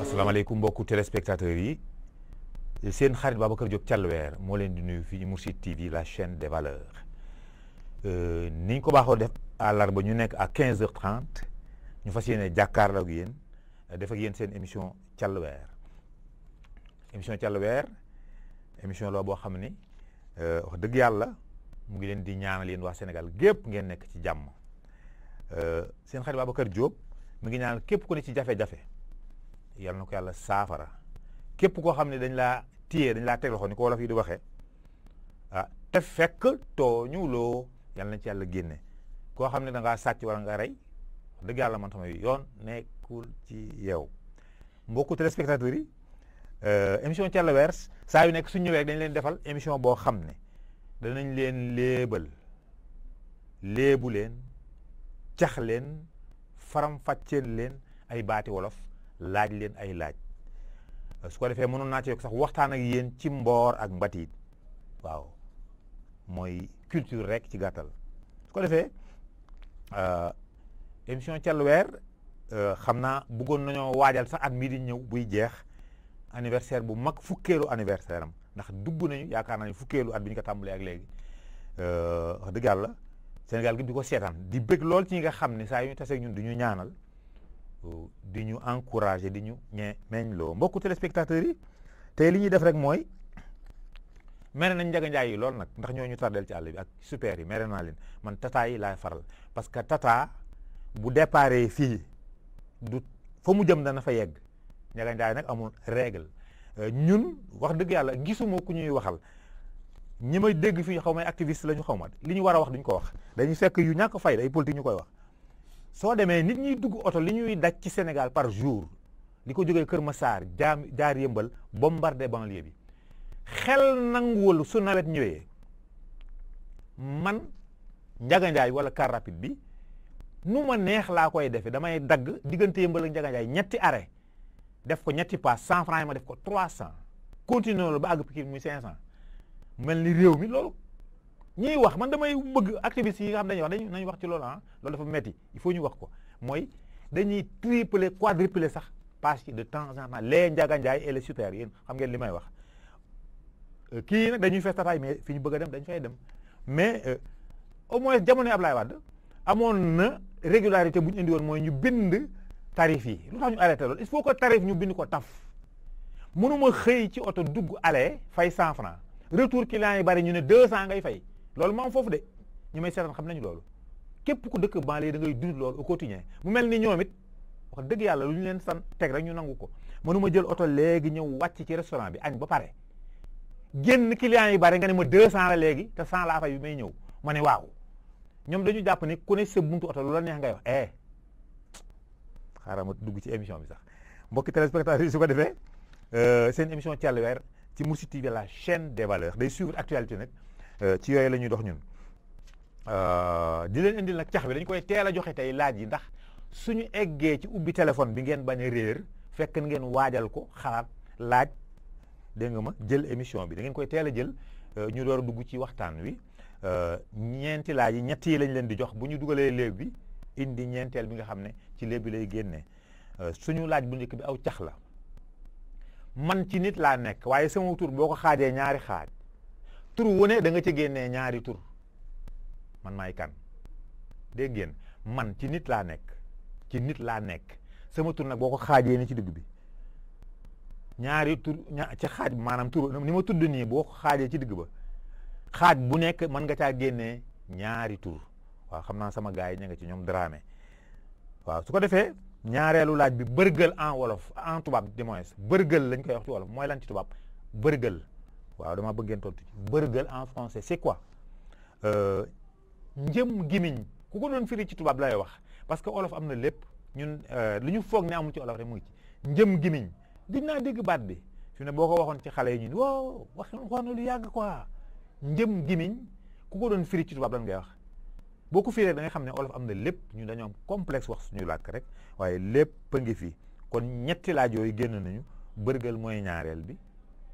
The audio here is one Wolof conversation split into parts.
asalaamaaleykum mbokku téléspectateurs yi seen xarit kër Diop Thialwer moo leen di nuyu fii Mourchid TV la chaîne des valeurs euh, niñ ko baaxoo def àllarba ñu nekk à 15h30 ñu fas yéene jàkkaarloo ak yéen def ak yéen seen émission Thialwer émission Thialwer émission la boo xam ni euh, wax dëgg yàlla mu ngi leen di ñaanal yéen waa Sénégal gépp ngeen nekk ci jàmm euh, seen xarit kër Diop. mu ngi ñaan képp ko ne ci jafe-jafe yal na ko yàlla saafara képp koo xam ne dañ laa téye dañ laa teg loxo ni ko wolof yi di waxee ah te fekk tooñu loo yal nañ ci yàlla génne koo xam ne da ngaa sàcc wala nga rey dëgg yàlla man sama yoon nekkul ci yow mbokku téléspectateurs yi euh, émission Cell Weers saa yu nekk suñ ñëwee dañ leen defal émission boo xam ne danañ leen léebal léebu leen cax leen faram fàcceel leen ay baati wolof laaj leen ay laaj euh, su ko defee mënoon naa ci yokk sax waxtaan ak yéen ci mboor ak mbatiit waaw mooy culture rek ci gàttal su ko defee euh, émission Call Weer euh, xam naa buggoon nañoo waajal sax at mii di ñëw buy jeex anniversaire bu mag fukkeelu anniversaire am ndax dugg nañu yaakaar nañu ne fukkeelu at bi ñu ko tàmbalee ak léegi wax dëgg yàlla Sénégal gi di ko seetaan di bëgg lool ci ñi nga xam ne saa yu ñu taseeg ñun di ñu ñaanal di ñu encouragé di ñu ñe meñ loo mbokku téléspectateurs yi tey li ñuy def rek mooy mere nañ njaga njaay yi lool nag ndax ñoo ñu tardeel ci àll bi ak super yi mere naa leen man tata yi laay faral parce que tata bu déparé fii du fa mu jëm dana fa yegg njaga njaay nag amul régle euh, ñun wax dëgg yàlla gisuma ku ñuy waxal ñi may dégg fii xaw may activiste la ñu xaw ma li ñu war a wax duñ ko wax dañuy fekk yu ñàkk fay ay politique ñu koy wax soo demee nit ñuy dugg oto li ñuy daj ci Sénégal par jour li ko jógee Kër masaar jaam jaar yëmbal bombardé banlieue bi xel nanguwul su nawet ñëwee man njaganjaay wala car rapide bi nu ma neex laa koy defee damay dagg diggante yëmbal ak njaganjaay ñetti arrêt def ko ñetti paas cent franc ma def ko trois cent continué loolu ba àgg Pikine muy cinq mel ni réew mi loolu ñuy wax man damay bëgg activistes yi nga xam dañuy wax dañu nañ wax ci loolu ah loolu dafa metti il faut ñu wax ko mooy dañuy tripler quadrupler sax parce de temps en temps les Ndiaga Ndiaye et les yéen xam ngeen li may wax euh, kii nag dañuy festataay mais fi ñu bëgg a dem dañu fay dem mais euh, au moins jamono Ablaye Wade amoon na régularité bu ñu indi woon mooy ñu bind tarif yi lu tax ñu arrêté loolu il faut que tarif ñu bind ko taf mënuma xëy ci oto dugg ale fay cent retour client yi bari ñu ne 200 ngay fay loolu moom foofu de ñu may seetaan xam nañu loolu képp ku dëkk banlieue da ngay dund loolu au quotidien mu mel ni ñoom it wax dëgg yàlla lu ñu leen san teg rek ñu nangu ko ma jël oto léegi ñëw wàcc ci restaurant bi añ ba pare génn client yi bari nga ne ma 200 la léegi te 100 laa fay bi may ñëw ma ne waaw ñoom dañu jàpp ni ku ne sa buntu oto lu la neex ngay wax eh xaaral ma dugg ci émission bi sax mbokki téléspectateurs yi su ko defee euh, seen émission Call Weer ci Mourchid TV la chaîne des valeurs day suivre actualité nag euh, ci yooyu la ñuy dox ñun euh, di leen indil nag cax bi dañ koy teel a joxe tey laaj yi ndax suñu eggee ci ubbi téléphone bi ngeen bañ a réer fekk ngeen waajal ko xalaat laaj dégg nga ma jël émission bi da ngeen koy teel a jël euh, ñu door a dugg ci waxtaan wi ñeenti laaj yi ñett yi lañ leen di jox bu ñu dugalee léeb bi indi ñeenteel bi nga xam ne ci léeb bi lay génnee suñu laaj bu njëkk bi aw cax la man ci nit laa nekk waaye sama tur boo ko xaajee ñaari xaaj tur wu danga da nga ci génnee ñaari tur man maay kan dégg ngeen man ci nit laa nekk ci nit laa nekk sama tur nag boo ko xaajee ni ci digg bi ñaari tur ci xaaj maanaam tur ni ma tudd nii boo ko xaajee ci digg ba xaaj bu nekk mën nga caa génnee ñaari tur waa xam naa sama gars yi ña nga ci ñoom dramé waaw su ko ñaareelu laaj bi bërgël en wolof en tubaab du moins bërgël lañ koy wax ci wolof mooy lan ci tubaab bërgël waaw dama bëggeen tontu ci bërgël en français c'est quoi euh, njëm gimiñ ku ko doon ci tubaab lay wax parce que olof am na lépp ñun euh, lu ñu foog ne amul ci olof rek mu ngi ci njëm gimiñ gis naa dégg baat bi fi ne boo ko waxoon ci xale yi ñun woo wax wax na lu yàgg quoi njëm gimiñ ku ko doon firi ci tubaab lan ngay wax boo ko firee da nga xam ne olof am na lépp ñu dañoo am complexe wax suñu làkk rek waaye lépp a ngi fi kon ñetti laaj yooyu génn nañu bërgël mooy ñaareel bi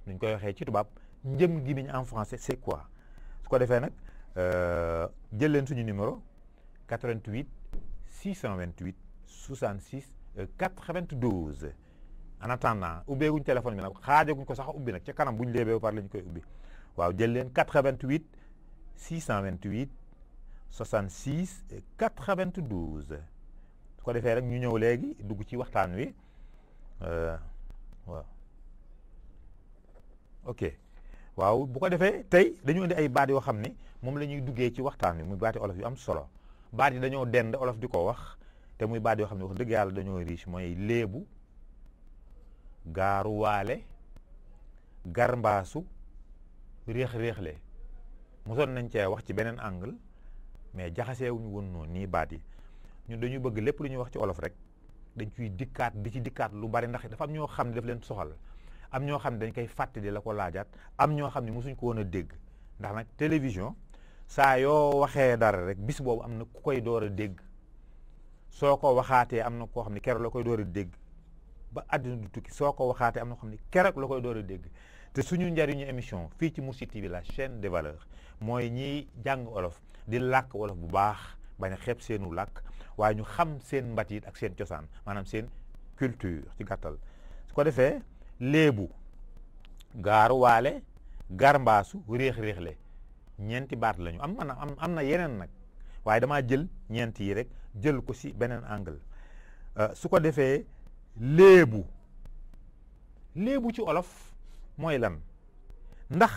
nuñ koy waxee ci tubaab njëm gi miñ en français c'est quoi su ko defee nag euh, jël leen suñu numéro 88 628 66 92 en attendant ubbeeguñ téléphone bi nag xaajaguñ ko sax ubbi nag ci kanam buñ léebee ba pare lañ koy ubbi waaw jël leen 88 628 66 92 su ko defee rek ñu ñëw léegi dugg ci waxtaan wi euh, waaw waaw bu ko defee tey dañu indi ay baat yoo xam ni moom la ñuy duggee ci waxtaan wi muy baati olof yu am solo baat yi dañoo dend olof di ko wax te muy baat yoo ne wax dëgg yàlla dañoo riche mooy léebu gaaruwaale garmbaasu réex réexle mosoon nañ cee wax ci beneen angle mais jaxaseewuñu woon noonu nii baat yi ñun dañuy bëgg lépp lu ñuy wax ci olof rek dañ ciy dikkaat di ci dikkaat lu bari ndax dafa am ñoo xam ne daf leen soxal am ñoo xam ne dañ koy fàttali la ko laajaat am ñoo xam ne mosuñ ko woon a dégg ndax nag télévision saa yoo waxee dara rek bis boobu am na ku koy door a dégg soo ko waxaatee am na koo xam ne keroog la koy door a dégg ba àddina du tukki soo ko waxaatee am na xam ne keroog la koy door a dégg te suñu njariñu émission fii ci Mourchid TV la chaîne des mooy ñiy jàng olof di làkk wolof bu baax bañ a xepp seenu làkk waaye ñu xam seen mbatiit ak seen cosaan maanaam seen culture ci gàttal su ko defee léebu gaaru waale garmbaasu réex-réexle ñeenti baat lañu am maanaam am am na yeneen nag waaye damaa jël ñeenti yi rek jël ko si beneen angle euh, su ko defee léebu léebu ci olof mooy lan ndax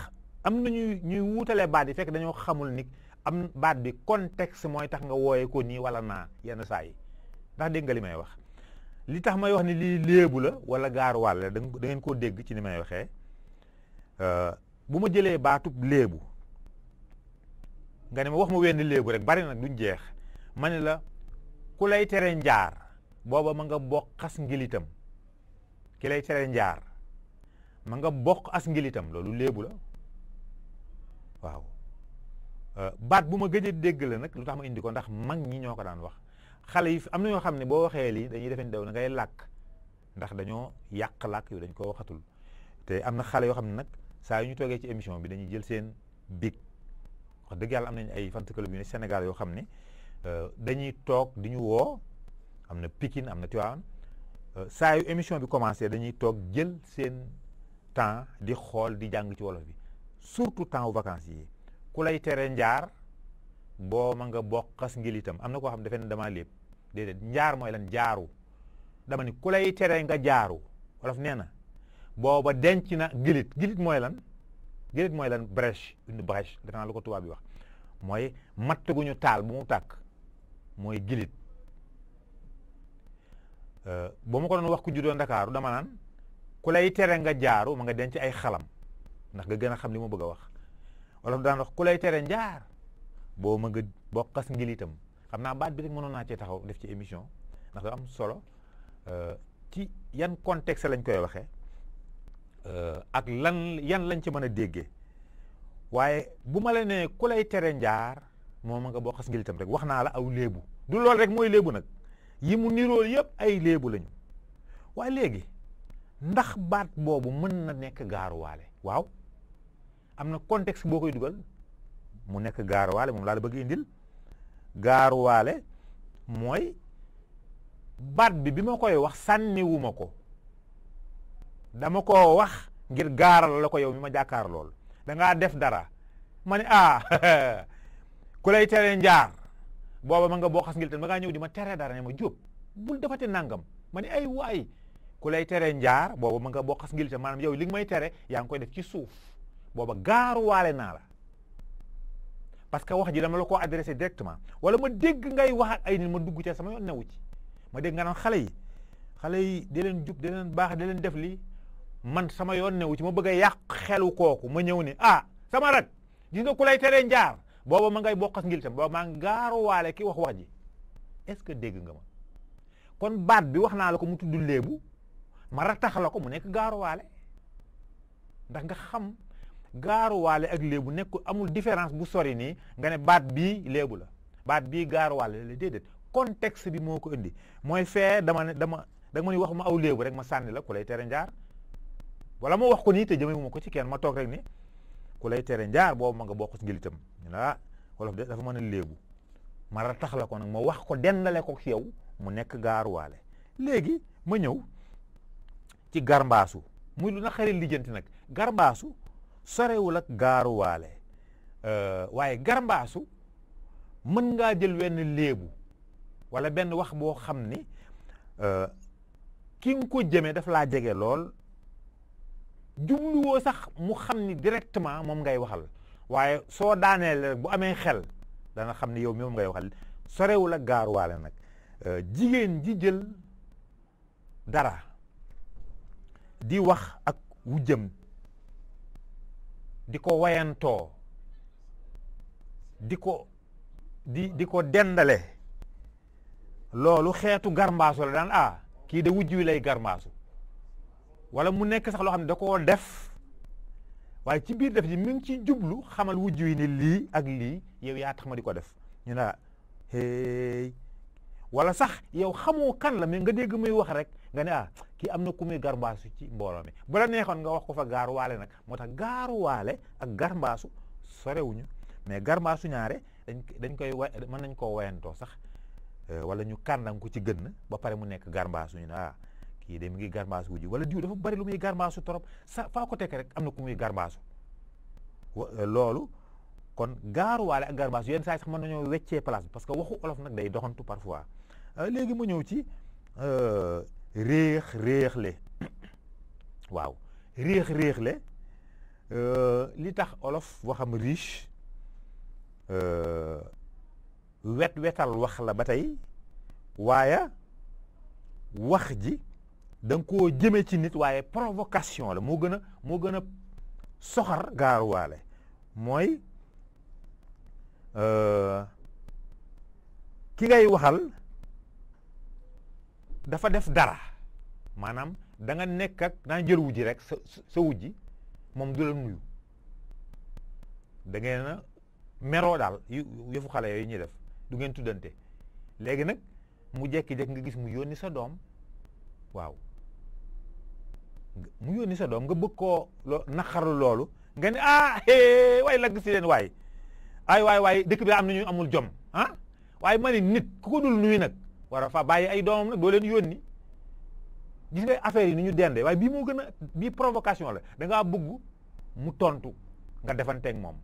am na ñuy ñuy wuutale baat yi fekk dañoo xamul ni am baat bi contexte mooy tax nga wooye ko nii wala naa yenn saa yi ndax dégg nga li may wax li tax may wax ni lii léebu la wala gaaru wàll la da dangeen koo dégg ci ni may waxee euh, bu ma jëlee baatub léebu nga ne ma wax ma wenn léebu rek bari nag duñ jeex ma ne la ku lay tere njaar booba ma nga bokk xas ngilitam ki lay tere njaar ma nga bokk as ngilitam loolu léebu la waaw Euh, baat bu ma gëj dégg la nag lu tax ma indi ko ndax mag ñi ñoo ko daan wax xale yi am na ñoo xam ne boo waxee lii dañuy defen daw na ngay làkk ndax dañoo yàq làkk yu dañ ko waxatul te am na xale yoo xam ne nag saa yu ñu toogee ci émission bi dañuy jël seen big wax dëgg yàlla am nañu ay fan club yu yoo xam ne euh, dañuy toog di ñu woo am na Pikine am na Tivaouane euh, saa yu émission bi commencé dañuy toog jël seen temps di xool di jàng ci wolof bi surtout temps vacances yi ku lay tere njaar boo ma nga bokkas ngilitam am na koo xam defe ne damaa lépp déedéet njaar mooy lan jaaru dama ni ku lay tere nga jaaru wolof nee na booba denc na gilit gilit mooy lan gilit mooy lan brèche une brèche defe ko tubaab bi wax mooy matt gu ñu bu tàkk mooy gilit Uh, boo ma ko doon wax ku juddoo Ndakaaru dama naan ku lay tere nga jaaru ma nga denc ay xalam ndax nga gën a xam li ma bëgg a wax wolof daan wax ku lay tere njaar boo ma nga boo xas ngilitam xam naa baat bi rek mënoon naa cee taxaw def ci émission ndax da am solo euh, ci yan contexte lañ koy waxee euh, ak lan yan lañ ci mën a déggee waaye bu ma la nee ku lay tere njaar moo ma nga boo xas ngilitam rek wax naa la aw léebu du loolu rek mooy léebu nag yi mu nirool yëpp ay léebu lañu waaye léegi ndax baat boobu mën na nekk gaaruwaale waaw am na contexte boo koy dugal mu nekk gaaruwaale moom laa la bëgg indil gaaruwaale mooy baat bi bi ma koy wax sànniwuma ko dama ko wax ngir gaaral la ko yow mi ma jàkkaar lool dangaa def dara ma ne ah ku tere njaar booba ma nga boo xas ngil tan ma ñëw di ma tere dara ma jóob bul defati nangam ma ne ay waay ku lay tere njaar ko ma nga boo xas ngil tan yow li may tere yaa ngi koy def ci suuf booba gaaruwaale naa la parce que wax ji dama la ko adressé directement wala ma dégg ngay wax ay nit ma dugg ca sama yoon newu ci ma dégg nga naan xale yi xale yi di leen jub di baax di leen def lii man sama yoon newu ci ma bëgg a yàq xelu kooku ma ñëw ne ah sama rak gis nga ku lay teree njaar booba ma ngay bokkas ngil tam booba maa gaaruwaale ki wax wax ji est-ce que dégg nga ma kon baat bi wax naa la ko mu tudd léebu ma ratax la ko mu nekk gaaruwaale ndax nga gaaruwaale ak léebu nekk amul différence bu sori nii nga ne baat bii léebu la baat bii gaaruwaale la déedéet contexte bi moo ko indi mooy fee dama ne dama da nga ma ni wax ma aw léebu rek ma sànni la ku lay tere njaar wala ma wax ko nii te ko ci kenn ma toog rek ni ku lay tere njaar boobu ma nga bokk ci ngilitam ñu ne ah dafa mën a léebu ma ratax la ko nag ma wax ko dendale ko yow mu nekk gaaruwaale léegi ma ñëw ci garmbaasu muy lu na xarit lijjanti nag garmbaasu sorewul ak gaaruwaale euh, waaye garmbaasu mën ngaa jël wenn léebu wala benn wax boo xam ni euh, ki nga ko jëmee daf laa jege lool jubluwoo sax mu xam ni directement moom ngay waxal waaye soo daaneel rek bu amee xel dana xam ni yow mi moom ngay waxal sorewul ak gaaruwaale nag euh, jigéen ji jël dara di wax ak jëm di ko wayantoo di ko di di ko dendale loolu xeetu garmbaasu la daan ah kii de wujj wi lay garmbaasu wala mu nekk sax loo xam ne da koo def waaye ci biir def ji mi ngi ci jublu xamal wujj wi ne lii ak lii yow yaa tax ma di ko def ñu ne hey wala sax yow xamoo kan la mais nga dégg may wax rek nga ne ah kii am na ku muy garbaasu ci mbooloo mi bu la neexoon nga wax ko fa gaaruwaale nag moo tax gaaruwaale ak garbaasu sorewuñu mais garbaasu ñaare dañ dañ koy wa mën nañ koo wayantoo sax euh, wala ñu kàndang ko ci gën ba pare mu nekk garbaasu ñu ne ah, kii de mi ngi garbaasu wu ji wala diw dafa bari lu muy garbaasu trop sa faa ko tekk rek am na ku muy garbaasu euh, loolu kon gaaruwaale ak garbaasu yenn saa sax mën nañoo weccee place bi parce que waxu olof nag day doxantu parfois euh, léegi mu ñëw ci réex réexle waaw réex réexle euh, li tax olof waxam riche euh, wet wetal wax la ba tey waaye wax ji da ko koo jëme ci nit waaye provocation la moo gën a moo gën a soxar gaaruwaale mooy euh, ki ngay waxal dafa def dara maanaam da nga nekk ak naa jël wujji rek sa sa wujji moom du la nuyu da ngeen a meroo daal yëfu xale yooyu ñuy def du ngeen tuddante léegi nag mu jekki-jekki nga gis mu yónni sa doom waaw mu yónni sa doom nga bëgg koo loo naqarlu loolu nga ne ah waay lagg si leen waay ay waay waay dëkk bi am na ñu amul jom ah waaye ma ne nit ku ko dul nuyu nag war a fa bàyyi ay doomam nag doo leen yónni gis nga affaire yi nu ñu dendee waaye bii moo gën a bii provocation la dangaa bëgg mu tontu nga defanteeg moom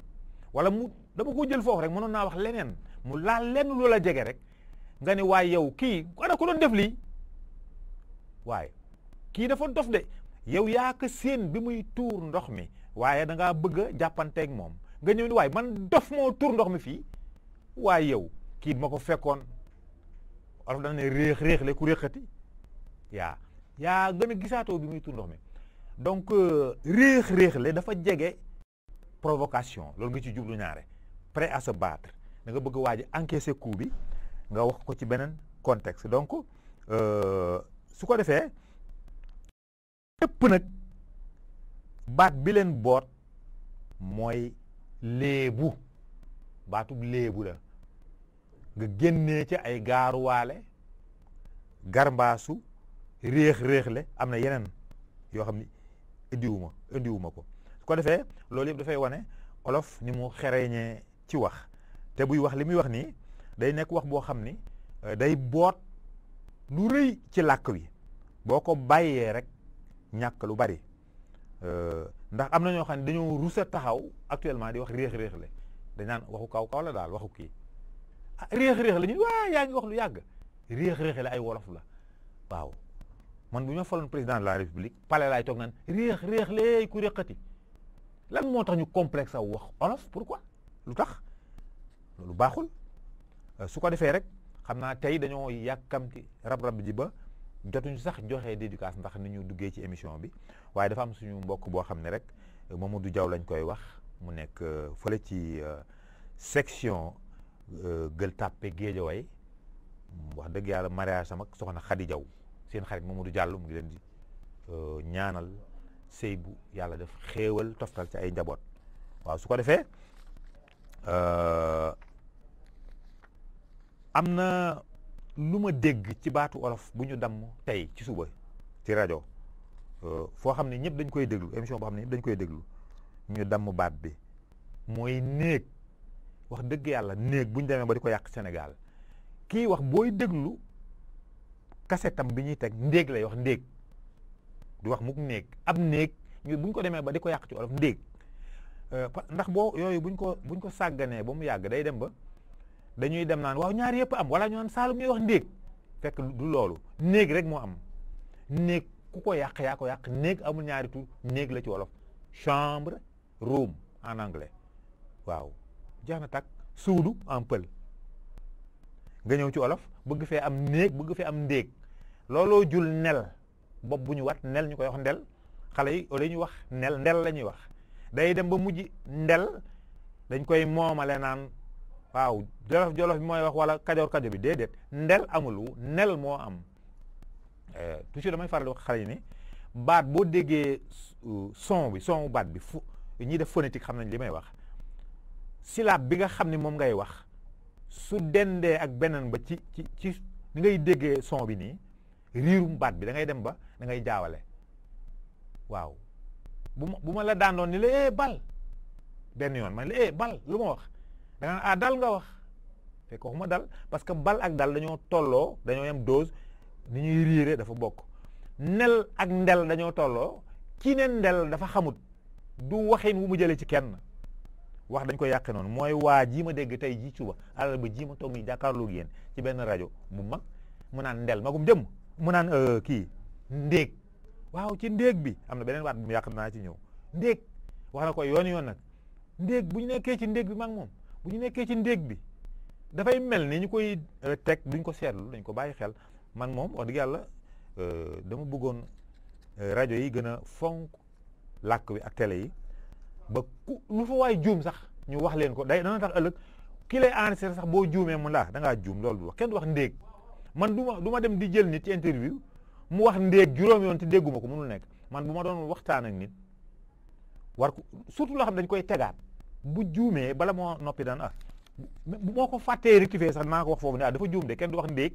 wala mu dama ko jël foofu rek mënoon naa wax leneen mu laal lenn loola jege rek nga ne waaye yow kii ana ko def lii waaye kii dafa dof de yow yaa ko séen bi muy tuur ndox mi waaye da ngaa bëgg a jàppanteeg moom nga ñëw ni waaye man dof moo tuur ndox mi fii waaye yow kii ma ko fekkoon olof dana ne réex réexle le ku réexati yaa yaa gën a gisaatoo bi muy tuur ndox mi donc euh, réex réexle dafa jege provocation loolu nga ci jublu ñaare prêt à se battre da nga bëgg waa ji encaisser coup bi nga wax ko ci beneen contexte donc euh, su ko defee lépp nag baat bi leen boot mooy léebu baatub léebu la nga génnee ci ay gaaruwaale garmbaasu réex-réexle am na yeneen yoo xam ne indiwuma indiwuma ko su ko defee loolu yëpp dafay wane olof ni mu xereñee ci wax te buy wax li muy wax nii day nekk wax boo xam ni euh, day boot lu rëy ci làkk wi boo ko bàyyee rek ñàkk lu bari euh, ndax am na ñoo xam ne dañoo rusa taxaw actuellement di wax réex-réexle dañ naan waxu kaw kaw la daal waxu kii réex-réex la ñu waa yaa ngi wax lu yàgg réex-réex la ay wolof la waaw man bu ñu faloon président de la république pale laay toog naan réex-réex léey ku réqati lan moo tax ñu complexe aw wax olof pourquoi lu tax lu baaxul euh, su ko defee rek xam naa tey dañoo yàkkamti rab-rab ji ba jotuñu sax joxe dédicace ndax ni ñu duggee ci émission bi waaye dafa am suñu mbokk boo xam ne rek moom du jaw lañ koy wax mu nekk euh, fële ci euh, section Euh, Gueule Tapée way wax dëgg yàlla mariage sama soxna Khady Diaw seen xarit Mamadou Diallo mu ngi leen di euh, ñaanal sëy bu yàlla def xeewal toftal ci ay njaboot waaw su ko defee euh, am na lu ma dégg ci baatu olof bu ñu damm tey ci suba ci rajo foo xam ne ñëpp dañ koy déglu émission boo xam ne ñëpp dañ koy déglu ñu damm baat bi mooy néeg wax dëgg yàlla néeg bu ñu demee ba di ko yàq senegal kii wax booy déglu kasetam bi ñuy teg ndéeg lay wax ndéeg du wax mukk néeg ab néeg ñu ko demee ba di ko yàq ci olof ndéeg euh, ndax boo yooyu buñ ko buñ ko sàgganee ba mu yàgg day dem ba dañuy dem naan waaw ñaari yëpp am wala ñu naan saalum ñuy wax ndéeg fekk du loolu néeg rek moo am néeg ku ko yàq yaa ko yàq néeg amul ñaari tur néeg la ci wolof chambre room en anglais waaw jeex na tàkk suudu en pël nga ñëw ci olof bëgg fee am néeg bëgg fee am ndéeg looloo jul nel bopp bu ñu wat nel ñu koy wax ndel xale yi la ñu wax nel ndel la ñuy wax day dem ba mujj ndel dañ koy moomale naan waaw jolof jolof bi mooy wax wala kajoor kajo bi déedéet ndel amul nel moo am euh, toujours damay faral di wax xale yi ne baat boo déggee euh, son bi son baat bi fu ñi def phonétique xam nañ li may wax silaab bi nga xam ni moom ngay wax su dendee ak beneen ba ci ci ci ni ngay déggee son bi nii riirum baat bi dangay dem ba dangay jaawale waaw bu ma bu ma la daandoon ni la eh bal benn yoon ma ne la eh bal lu ma wax da nga ah dal nga wax fekk waxuma dal parce que bal ak dal dañoo tolloo dañoo yem dose ni ñuy riire dafa bokk nel ak ndel dañoo tolloo kii ne ndel dafa xamut du waxin wu mu jëlee ci kenn wax dañ ko yàqe noonu mooy waa ji ma dégg tey ji suba alal ba ji ma toog nii jàkkaarloog yéen ci benn rajo mu mag mu del ndel magum jëm mu euh, kii ndéeg waaw ci ndéeg bi am na beneen waat bu mu yàq naa ci ñëw ndéeg wax na ko yoon yoon nag ndéeg bu ñu nekkee ci ndéeg bi mag moom bu ñu nekkee ci ndéeg bi dafay mel ni ñu koy euh, teg duñ ko seetlu dañ ko bàyyi xel man moom wax dëgg yàlla euh, dama bëggoon rajo yi gën a fonk làkk wi ak télé yi ba ku lu fa waay juum sax ñu wax leen ko day dana tax ëllëg ki lay enregistré sax boo juumee mu laa da ngaa juum loolu du wax kenn du wax ndéeg man du ma du ma dem di jël nit ci interview mu wax ndéeg juróom yoon te dégguma ko mënul nekk man bu ma doon waxtaan ak nit war ko surtout loo xam dañ koy tegaat bu juumee bala moo noppi daan ah moo ko fàttee rectifié sax naa ko wax foofu ne ah dafa juum de kenn du wax ndéeg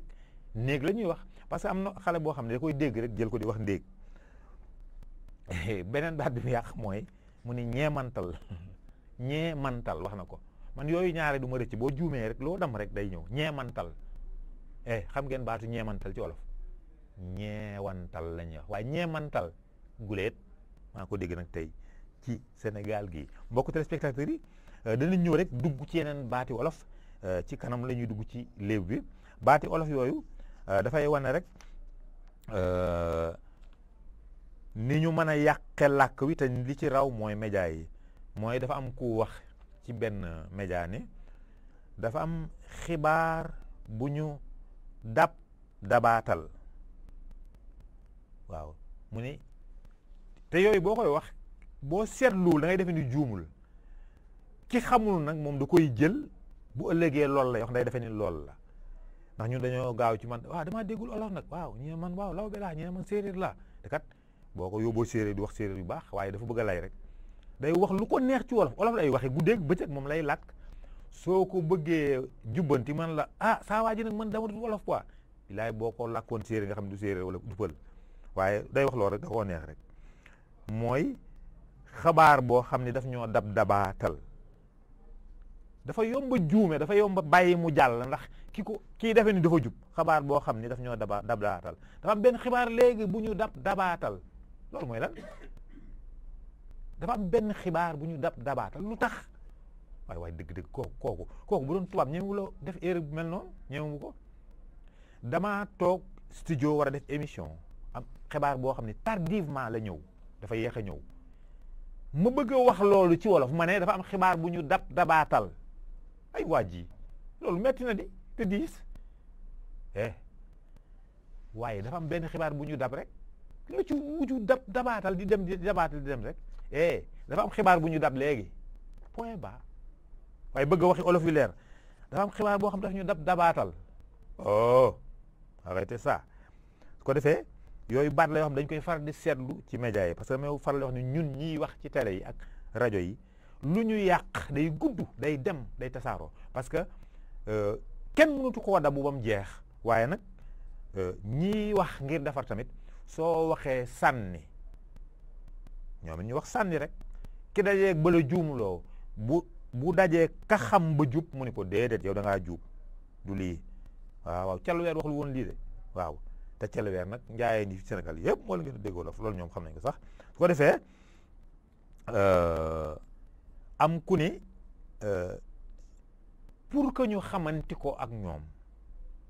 néeg la ñuy wax parce que am na xale boo xam ne da koy dégg rek jël ko di wax ndéeg beneen baat bi mu yàq mooy mu ne ñeemantal mantal wax na ko man yooyu ñaare du ma rëcc boo juumee rek loo dam rek day ñëw ñeemantal eh xam ngeen baatu ñeemantal ci wolof ñeewantal la ñuy wax waaye mantal guleet maa ko dégg nag tey ci Sénégal gi mbokk téléspectateurs yi euh, dana ñëw rek dugg ci yeneen baati wolof euh, ci kanam la ñuy dugg ci léew bi baati olof yooyu euh, dafay wane rek ni ñu mën a yàqe làkk wi te li ci raw mooy média yi mooy dafa am ku wax ci benn média ni dafa am xibaar bu ñu dab dabaatal waaw mu ni te yooyu boo koy wax boo seetluwul da ngay defe ni juumul ki xamul nag moom du koy jël bu ëllëgee lool la wax day defe ni lool la ndax ñun dañoo gaaw ci man waaw damaa déggul olof nag waaw ñi man waaw law bi laa ñi man séeréer laa boo ko yóbboo séeréer di wax séeréer yu baax waaye dafa bëgg lay rek day wax lu ko neex ci wolof wolof lay waxee guddeeg bëccëg moom lay lakk soo ko bëggee jubbanti man la ah saa waa ji nag man dama du wolof quoi boo ko làkkoon séeréer nga xam ne du séeréer wala du pël waaye day wax loolu rek da koo rek mooy xabaar boo xam ne daf ñoo dab dabaatal dafa yomba juume dafa yomba bàyyi mu jàll ndax ki ko kii defe ni dafa jub xabaar boo xam ni daf ñoo daba dab dabaatal dafa benn xibaar léegi bu ñu dab dabaatal loolu mooy lan dafa am benn xibaar bu ñu dab dabaatal lu tax waaye waaye dëgg-dëgg kooku kooku bu doon tubaab ñemewu la def erreur bu mel noonu ñemewu ko dama toog studio war a def émission am xibaar boo xam ne tardivement la ñëw dafa yéex a ñëw ma bëgg a wax loolu ci wolof ma ne dafa am xibaar bu ñu dab dabaatal ay waa ji loolu metti na di te diis eh waaye dafa am benn xibaar bu ñu dab rek nga ci wuju dab dabaatal di dem di dabaatal di dem rek eh dafa am xibaar bu ñu dab léegi point bas waaye bëgg a waxi olof yu leer dafa am xibaar boo xam daf ñu dab dabaatal oh arrêtez ça su ko defee yooyu baat la yoo xam dañ koy faral di seetlu ci média yi parce que même faral yoo xam ne ñun ñiy wax ci télé yi ak rajo yi lu ñu yàq day gudd day dem day tasaaroo parce que euh, kenn mënatu koo dabu ba mu jeex waaye nag euh, ñiy wax ngir defar tamit soo waxee sànni ñoom it ñu wax sànni rek ki dajeeg ba la juumloo bu bu dajee ka xam ba jub mu ne ko déedéet yow da ngaa juub du lii waaw waaw wax lu woon lii de waaw te calweer nag njaayee ni Sénégal yëpp moo la gën a déggoo la loolu ñoom xam nañ ko sax su ko defee euh, am ku ni euh, pour que ñu xamanti ko ak ñoom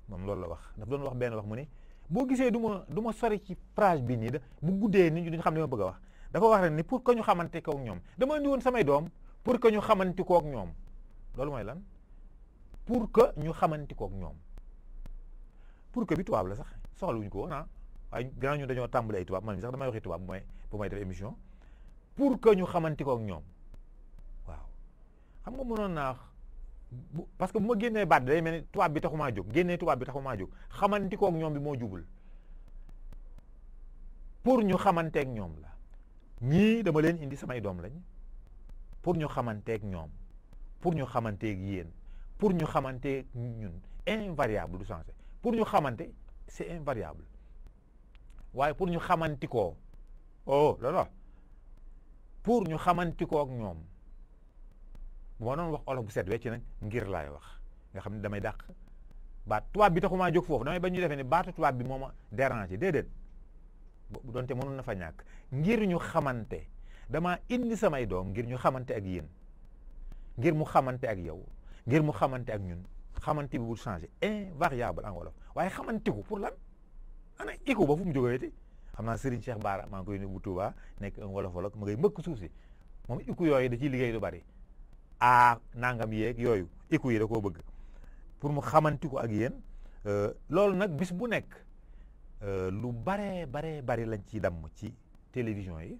moom loolu la wax daf doon wax benn wax mu ni boo gisee du ma du sori ci phrase bi nii da bu guddee nit ñi duñ xam ne ma bëgg a wax dafa wax rek ni pour que ñu xamante kook ñoom dama indi woon samay doom pour que ñu xamante kook ñoom loolu mooy lan pour que ñu xamante kook ñoom pour que bi tubaab la sax soxlawuñu ko woon ah waaye gannaaw ñu dañoo tàmbali ay tubaab man mi sax damay waxi tubaab bu may bu may def émission pour que ñu xamante kook ñoom waaw xam nga mënoon naa parce que bu ma génnee baat day mel ni tubaab bi taxumaa jóg génnee tubaab bi taxumaa jóg xamantikook ñoom bi moo jubul pour ñu xamanteeg ñoom la ñii dama leen indi samay doom lañ pour ñu xamanteek ñoom pour ñu xamanteeg yéen pour ñu xamanteeg ñun invariable du changé pour ñu xamante c'est variable waaye pour ñu xamanti koo oo oh, loolu pour ñu xamantikook ñoom bu ma doon wax olof bu set wecc nag ngir laay wax nga xam ne damay dàq baat tubaab bi taxumaa jóg foofu damay bañ ñu defee ne baatu tubaab bi moo ma dérangé déedéet bu doonte mënoon na fa ñàkk ngir ñu xamante dama indi samay doom ngir ñu xamante ak yéen ngir mu xamante ak yow ngir mu xamante ak ñun xamante bi bu changé invariable en wolof waaye xamantiku pour lan ana iku ba fu mu jógee xam naa Serigne Cheikh Baara maa ngi koy nuyu bu Touba nekk un wolof wolof ma ngay mbëkk suuf si moom iku yooyu da ciy liggéey du bari a nangam yeeg yooyu iku yi da koo bëgg pour mu xamanti ko ak yéen euh, loolu nag bis bu nekk euh, lu baree baree bari lañ ci ciy mu ci télévision yi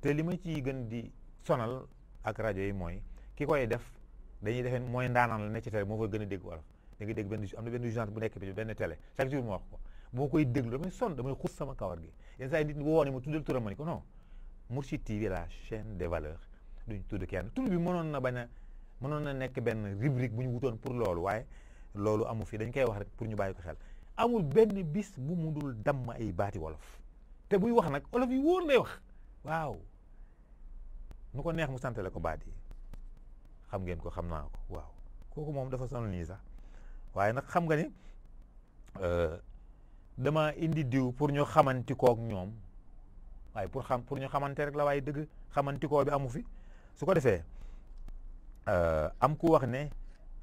te li ma ciy gën di sonal ak rajo yi mooy ki koy def dañuy defee mooy ndaanaan la ne ci télé moo koy gën a dégg wolof da ngay dégg benn am bu nekk bi benn télé chaque jour mu wax ko boo koy déglu damay son damay xuus sama kawar gi yenn saa yi nit woo ne ma tuddal turam ma ni ko non Mourchid TV la chaîne des duñ tudd kenn tur bi mënoon na bañ mënoon na nekk benn rubrique bu ñu wutoon pour loolu waaye loolu amu fi dañ koy wax rek pour ñu bàyyi ko xel amul benn bis bu mu dul damm ay baati wolof te buy wax nag wolof yi wóor lay wax waaw nu ko neex mu santale ko baat yi xam ngeen ko xam naa ko waaw kooku moom dafa sonal waaye nag xam nga ni euh, dama indi diw pour ñu xamanti kook ñoom waaye pour xam pour ñu xamante rek la waaye dëgg xamantikoo bi amu fi su ko defee euh, am ku wax ne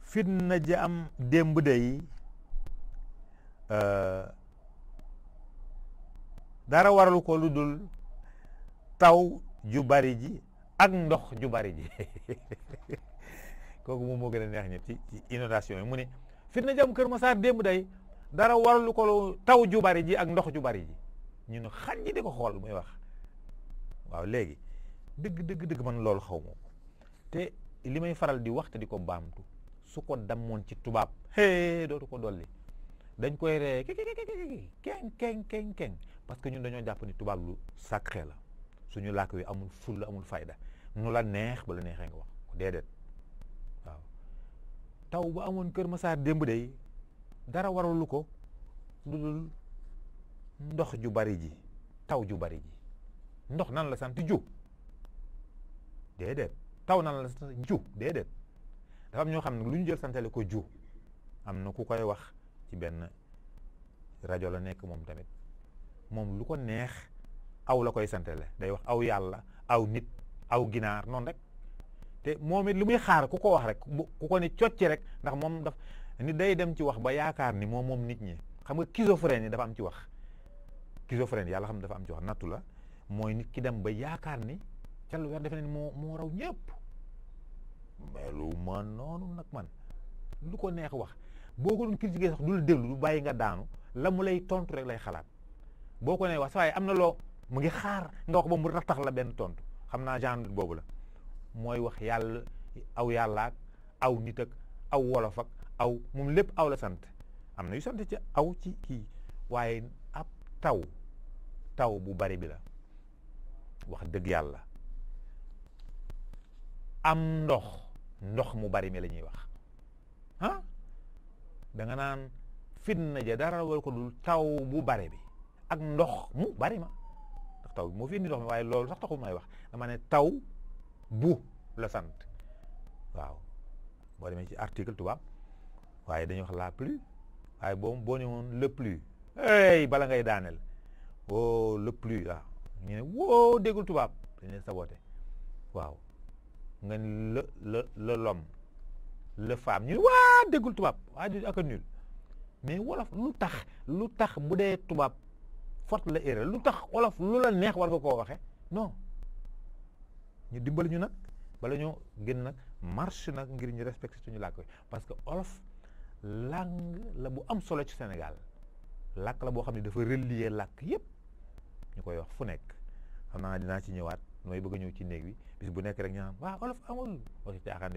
fitna ji am démb dey euh, dara waralu ko lu dul taw ju bari ji ak ndox ju bari ji kooku moom moo gën a neex ñëpp ci inondation yi mu ne fitna ji am Kër Masaar démb day dara waralu ko taw ju bari ji ak ndox ju bari ji ñun di ko xool muy wax waaw léegi dëgg dëgg dëgg man loolu xaw ma te li may faral di wax te di ko baamtu su ko dammoon ci tubaab hee dootu ko dolli dañ koy ree keng keng keng keng parce que ñun dañoo jàpp ni tubaab lu sacré la suñu làkk wi amul fulla amul fayda nu la neex ba la neexee nga wax déedéet waaw taw ba amoon Kër Masaar démb day dara warul ko lu dul ndox ju bari ji taw ju bari ji ndox nan la sant ju déedéet taw na la sax ju déedéet dafa am ñoo xam ne lu ñu jël santale ko ju am na ku koy wax ci benn rajo la nekk moom tamit moom lu ko neex aw la koy santale day wax aw yàlla aw nit aw ginaar noonu rek te moom it lu muy xaar ku ko wax rek ku ko ne cocci rek ndax moom daf nit day dem ci wax ba yaakaar ni moom moom nit ñi xam nga schizophrène yi dafa am ci wax schizophrène yàlla xam ne dafa am ci wax nattu la mooy nit ki dem ba yaakaar ni callu weer defe ne moo moo raw ñëpp melu ma noonu nag man lu ko neex wax boo ko doon critiquer sax du la déglu du bàyyi nga daanu la mu lay tontu rek lay xalaat boo ko nee wax saa yi am na loo mu ngi xaar nga wax ba mu tax la benn tontu xam naa genre boobu la mooy wax yàlla aw yàllaak aw nit ak aw wolof ak lépp aw la sant am na yu sant ci aw ci kii waaye ab taw taw bu bari bi la wax dëgg yàlla am ndox ndox mu bari mi la ñuy wax ah da nga naan fitna ja dara war ko dul taw bu bari bi ak ndox mu bari ma taw bi moo fi waaye loolu sax taxul may wax dama ne taw bu la sant waaw boo demee ci article tubaab waaye dañuy wax la pluie waaye boobu boo ne le pluie hey bala ngay daaneel woo oh, le pluie waaw ñu ne woo déggul tubaab dañ leen waaw nga ni le le le l'homme le femme ñu waa déggul tubaab waa jooju ak a nul mais wolof lu tax lu tax bu dee tubaab faute la erreur lu tax olof lu la neex war nga koo waxe non ñu dimbali ñu nag bala ñoo gën nag marche nag ngir ñu respecté suñu làkk yi parce que olof langue la bu am solo ci Sénégal làkk la boo xam ne dafa relier làkk yépp ñu koy wax fu nekk xam naa dinaa ci ñëwaat mooy bëgg ñëw ci néeg wi bis bu nekk rek ñu naan waaw olof amul aussi caaxaan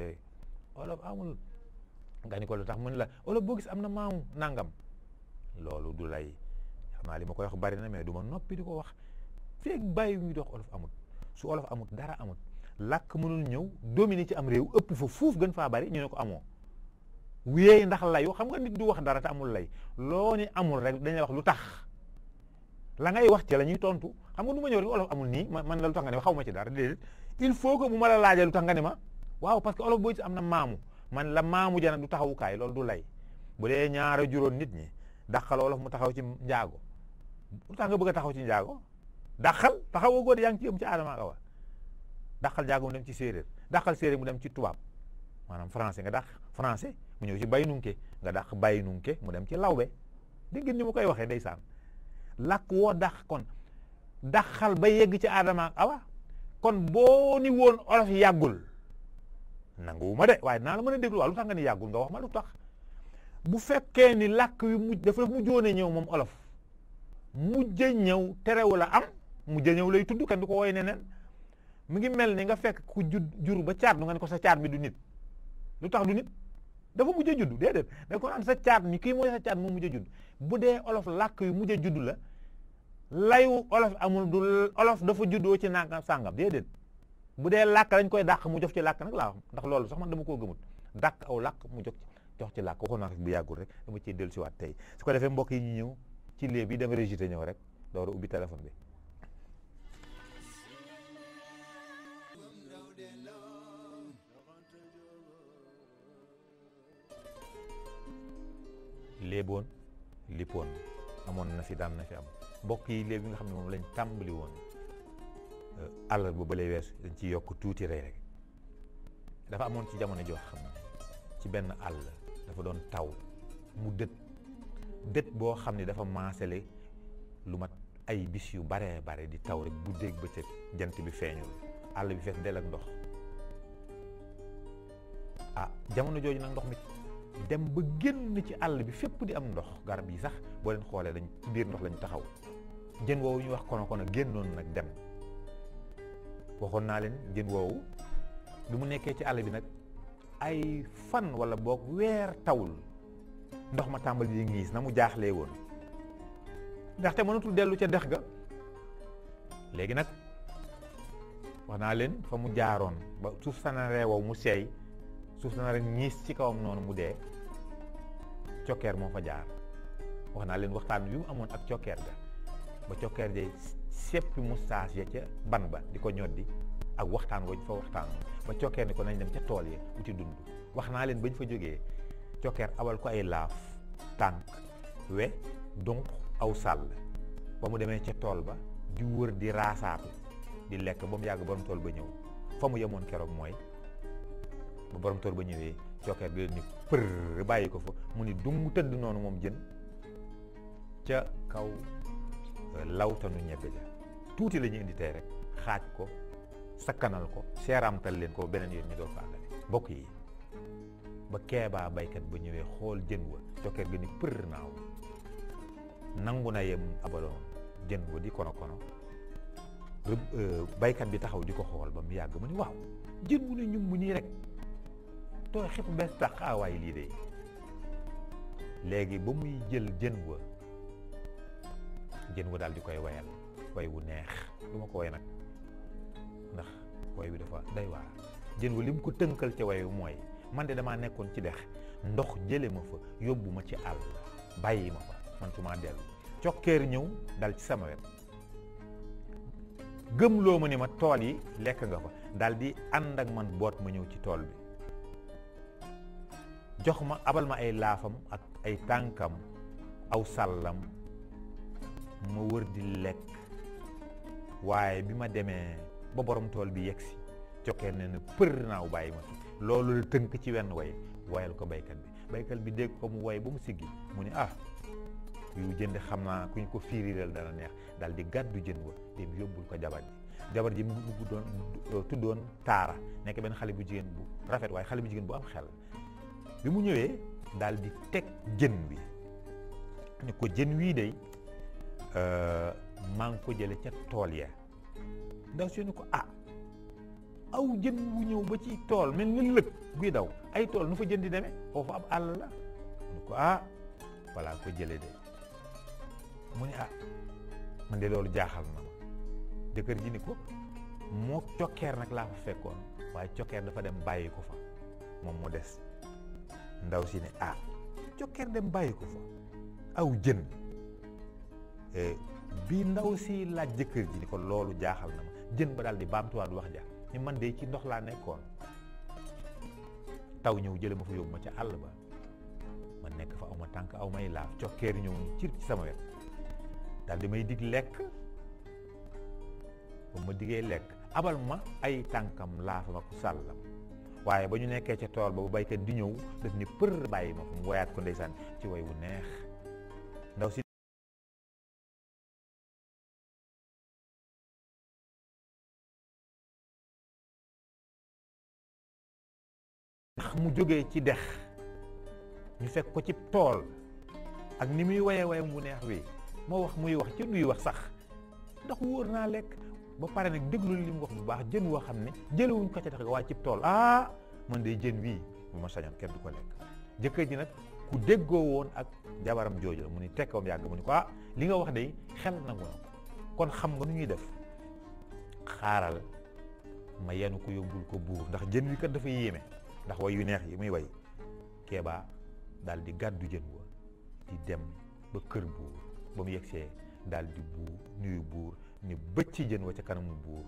nga ni ko lu tax mun la olof boo gis am na maamu nangam loolu du lay xam naa li ma koy wax bari na mais du ma noppi di ko wax feeg bàyyi muy dox olof amul su olof amut dara amut làkk mënul ñëw dominer ci am ëpp fa fuuf gën faa bari ñu ko amoo wéey ndax layu xam nga nit du dara amul lay loo amul rek dañ wax lu tax la ngay wax ci la ñuy tontu xam nga du ma ñëw rek olof amul nii man la lu tax nga ne xaw ma ci dara déedéet il faut que bu ma la laajee lu tax nga ne ma waaw parce que olof boo gis am na maamu man la maamu jana du taxawukaay loolu du lay bu dee ñaara juróon nit ñi dàqal olof mu taxaw ci njaago lu tax nga bëgg a taxaw ci njaago dàqal taxaw a góor yaa ngi ci yem ci aadama ak awa dàqal njaago mu dem ci séeréer dàqal séeréer mu dem ci tubaab maanaam français nga dàq français mu ñëw ci baynunke nga dàq baynunke mu dem ci lawbe dégg ngeen ñi mu koy waxee ndeysaan làkk woo dàq kon dàqal ba yegg ci aadama awa kon boo ni woon olof yàggul nanguwuma de waaye naa la mën a déglu waaw lu tax nga ni yàggul nga wax ma lu tax bu fekkee ni làkk wi mujj dafa mujjoone ñëw moom olof mu mujj ñëw terewu la am jë ñëw lay tund kenn du ko woy neneen mu ngi mel ni nga fekk ku jud jur ba caat nu nga ne ko sa caat mi du nit lu tax du nit dafa mujj a judd déedéet da ko am ah, sa caat mi kii mooy sa caat moom mu a judd bu dee olof làkk wi mujj a judd la layu olof amul du olof dafa juddoo ci nangam sàngam déedéet bu dee làkk lañ koy dàq mu jox ci làkk nag laa wax ndax loolu sax man dama koo gëmut dàq aw làkk mu jox jox ci làkk waxoon naa rek bu yàggul rek dama ciy dellu siwaat tey su ko defee mbokk yi ñu ñëw ci léeb bi dama rejeté ñëw rek door a ubbi téléphone bi léeboon lippoon amoon na fi daan na fi am mbokk yi léegi nga xam ne moom lañ tàmbali woon euh, àllal ba balay wees dañ ci yokk tuuti rey rek dafa amoon ci jamono joo xam ci benn àll dafa doon taw mu dët dët boo xam ne dafa maasale lu mat ay bis yu baree bare di taw rek guddeeg bëccëg jant bi feeñul àll bi fees del ak ndox ah jamono jooju nag ndox mi dem ba génn ci àll bi fépp di am ndox garab yi sax boo leen xoolee dañ ci biir ndox lañ taxaw jën woowu ñu wax kono kono génnoon nag dem waxoon naa leen jën woowu bi mu nekkee ci àll bi nag ay fan wala boog weer tawul ndox ma tàmbali di ngiis na mu jaaxlee woon ndaxte mënatul dellu ca dex ga léegi nag wax naa leen fa mu jaaroon ba suuf sanaree wow mu seey suuf sanaree ñiis ci kawam noonu mu dee cokkeer moo fa jaar wax naa leen waxtaan yu mu amoon ak cokkeer ga ba cokkeer jay seppi moustache ya ca ban ba di ko ñoddi ak waxtaan wañ fa waxtaan ba cokkeer ni ko nañ dem ca tool ya uti dund wax naa leen bañ fa jógee cokkeer awal ko ay laaf tànk we donc aw sàll ba mu demee ca tool ba di wër di raasaatu di lekk ba mu yàgg borom tool ba ñëw fa mu yemoon keroog mooy ba ba ñëwee cokkeer bi leen ni bàyyi ko fa mu ni dung tëdd noonu moom jën ca kaw lawtanu ñebe ja tuuti la ñu indi tey rek xaaj ko sakkanal ko seeraamtal leen ko beneen yoon ñu door ko àndale mbokk yi ba keebaa baykat ba ñëwee xool jën wa cokkeer gi ni për naaw nangu na yem abaloon jën wa di kono kono euh, baykat bi taxaw di ko xool ba mu yàgg mu ni waaw jën wu ne ñum mu nii rek tooy xip bees tax lii de léegi ba muy jël jën wa jën wu daal di koy wayal way wu neex lu ma ko way nag ndax way bi dafa day waar jën wu lim ko tënkal ca way mooy man de damaa nekkoon ci dex ndox jële ma fa yóbbu ma ci àll bàyyi ma fa man su maa dellu cokkeer ñëw dal ci sama wet gëmloo ma ni ma tool yi lekk nga fa daal di ànd ak man boot ma ñëw ci tool bi jox ma abal ma ay laafam ak ay tànkam aw sàllam ma wër di lekk waaye bi ma demee ba boroom tool bi yegg si jokkee ne na për naaw bàyyi ma fi loolu la tënk ci wenn way wayal ko baykat bi baykat bi dégg ko mu way ba mu siggi mu ne ah yu jënd xam naa kuñ ko fiiriral dana neex dal di gàddu jën wa dem yóbbul ko jabar ji jabar ji mu doon euh, tuddoon taara nekk benn xale bu jigéen bu rafet waaye xale bu jigéen bu am xel bi mu ñëwee daal di teg jën wi ne ko jën wii day maa ngi ko jële ca tool ya ndaw si ne ko ah aw jën wu ñëw ba ci tool mel ni lëg guy daw ay tool nu fa jën di demee foofu ab àll la mu ko ah voilà ko jële de mu ne ah man de loolu jaaxal na ma jëkkër ji ni ko moo cokkeer nag laa fa fekkoon waaye cokkeer dafa dem bàyyi ko fa moom mu des ndaw si ne ah cokkeer dem bàyyi ko fa aw jën Eh, bi ndaw si laaj jëkkër ji ni ko loolu jaaxal na ma jën ba daal di baamtuwaat wax ja ni man de ci ndox laa nekkoon taw ñëw jële ma fa yóbbu ma ca àll ba ma nekk fa aw ma tànk aw may laaf cokkeer ñëw ni ci sama wet daal di may dig lekk ba ma digee lekk abal ma ay tànkam laafam ak sàllam waaye ba ñu nekkee ca tool ba bu baykat di ñëw daf ni për bàyyi ma fa mu woyaat ko ndeysaan ci way wu neex ndaw si mu jógee ci dex ñu fekk ko ci tool ak ni muy waye waye mu neex wi moo wax muy wax ci nuy wax sax ndax wóor naa lekk ba pare nag déglu li mu wax bu baax jën woo xam ne jëlewuñ ko ci dex ga waaye ci tool ah man de jën wii bu ma sañoon kenn du ko lekk jëkkër ji nag ku déggoo woon ak jabaram jooju la mu ni tekkam yàgg mu ni ko ah li nga wax de xel nangu na kon xam nga nu ñuy def xaaral ma yenu ko yóbbul ko buur ndax jën wi kat dafa yéeme ndax way yu neex yi muy way Kéba daal di gàddu jën wa di dem ba kër buur ba mu yegsee daal di buur nuyu buur ni bëcc jën wa ca kanamu buur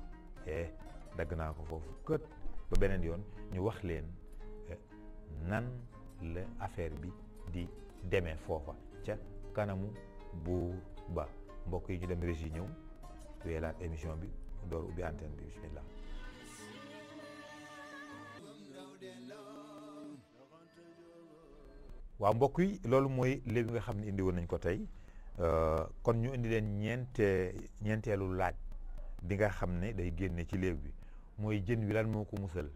eh, dagg naa ko foofu kët ba beneen yoon ñu wax leen eh, nan la affaire bi di demee foofa ca kanamu buur ba mbokk yi ñu dem régie ñëw wéyalaat émission bi door ubbi antenne bi bismillah waaw mbokk yi loolu mooy léegi nga xam ne indi woon nañ ko tey euh, kon ñu indi leen ñeente ñeenteelu laaj bi nga xam ne day génne ci léeb bi mooy jën wi lan moo ko musal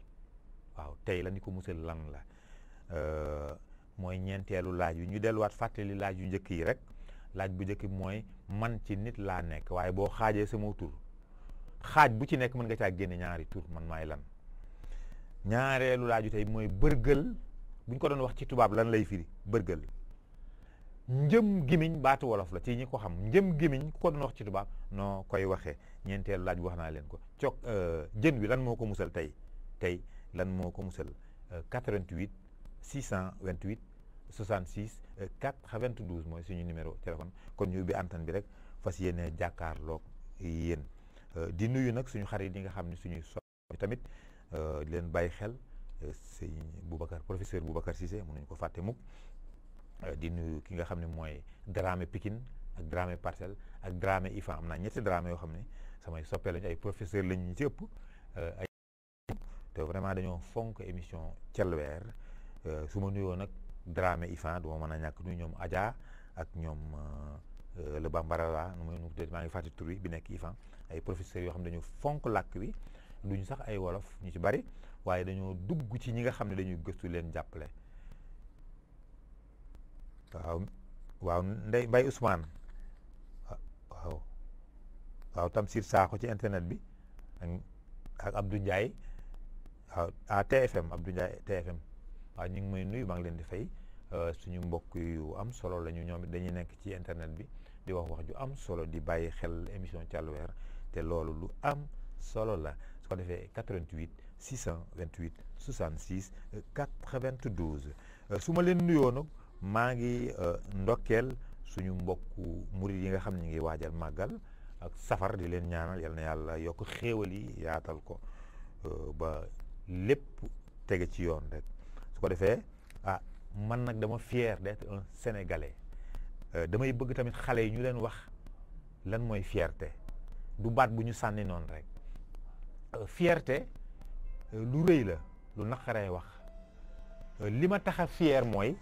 waaw tey lan ko musal lan la euh, mooy ñeenteelu laaj wi ñu delluwaat fàttali laaj yu njëkk yi rek laaj bu njëkk bi mooy man ci nit laa nekk waaye boo xaajee sama tur xaaj bu ci nekk mën nga caa génne ñaari tur man maay lan ñaareelu laaju tey mooy bërgël buñ ko doon wax ci tubaab lan lay firi bërgël njëm gimiñ baatu wolof la ci ñi ko xam njëm gimiñ ku ko doon wax ci tubaab noo koy waxee ñeenteelu laaj bi wax naa leen ko cog euh, jën wi lan moo ko musal tey tey lan moo ko musal 88 628 66 92 mooy suñu numéro téléphone kon ñu bi antenne bi rek fas yéenee jàkkaarloog yéen euh, di nuyu nag suñu xarit yi nga xam ne suñu so tamit euh, di leen bàyyi xel sëñ Boubacar professeur Boubacar Cissé mënuñ ko fàtte mukk euh, di nuyu ki nga xam ne mooy Dramé Pikine ak Dramé Parcelles ak Dramé IFAN am naa ñetti Dramé yoo xam ne samay soppe ay professeur lañ ñu ci ëpp euh, ay dañoo fonk émission Thiel-Weer euh, su ma nuyoo nag Dramé IFAN du man mën a ñàkk nuyu ñoom Adja ak ñoom le Bambara nu ma nu maa ngi fàtte tur bi bi nekk IFAN ay professeurs yoo xam ne dañu fonk làkk bi duñu sax ay wolof ñu ci bari waaye dañoo dugg ci ñi nga xam ne dañuy gëstu leen jàppale waaw waaw ndey mbay Ousmane waaw waaw saako ci internet bi ak Abdou Ndiaye waaw ah TFM Abdou Ndiaye TFM waaw ñu ngi may nuyu maa ngi leen di fay euh, suñu mbokk yu am solo lañu ñu ñoom it dañuy nekk ci internet bi di wax wax ju am solo di bàyyi xel émission Càllu Weer te loolu lu am solo la su ko defee 88 628 66 92 su ma leen nuyoo maa ngi euh, ndokkeel suñu mbokk murit yi nga xam ne ñu ngi waajal màggal ak safar di leen ñaanal yal na yàlla yokk xéewal yi yaatal ko euh, ba lépp tege ci yoon rek su ko defee ah man nag dama fier d'être un euh, damay bëgg tamit xale yi ñu leen wax lan mooy fierte du baat bu ñu sànni noonu rek fierté lu rëy la lu naqaree wax li ma taxa a mooy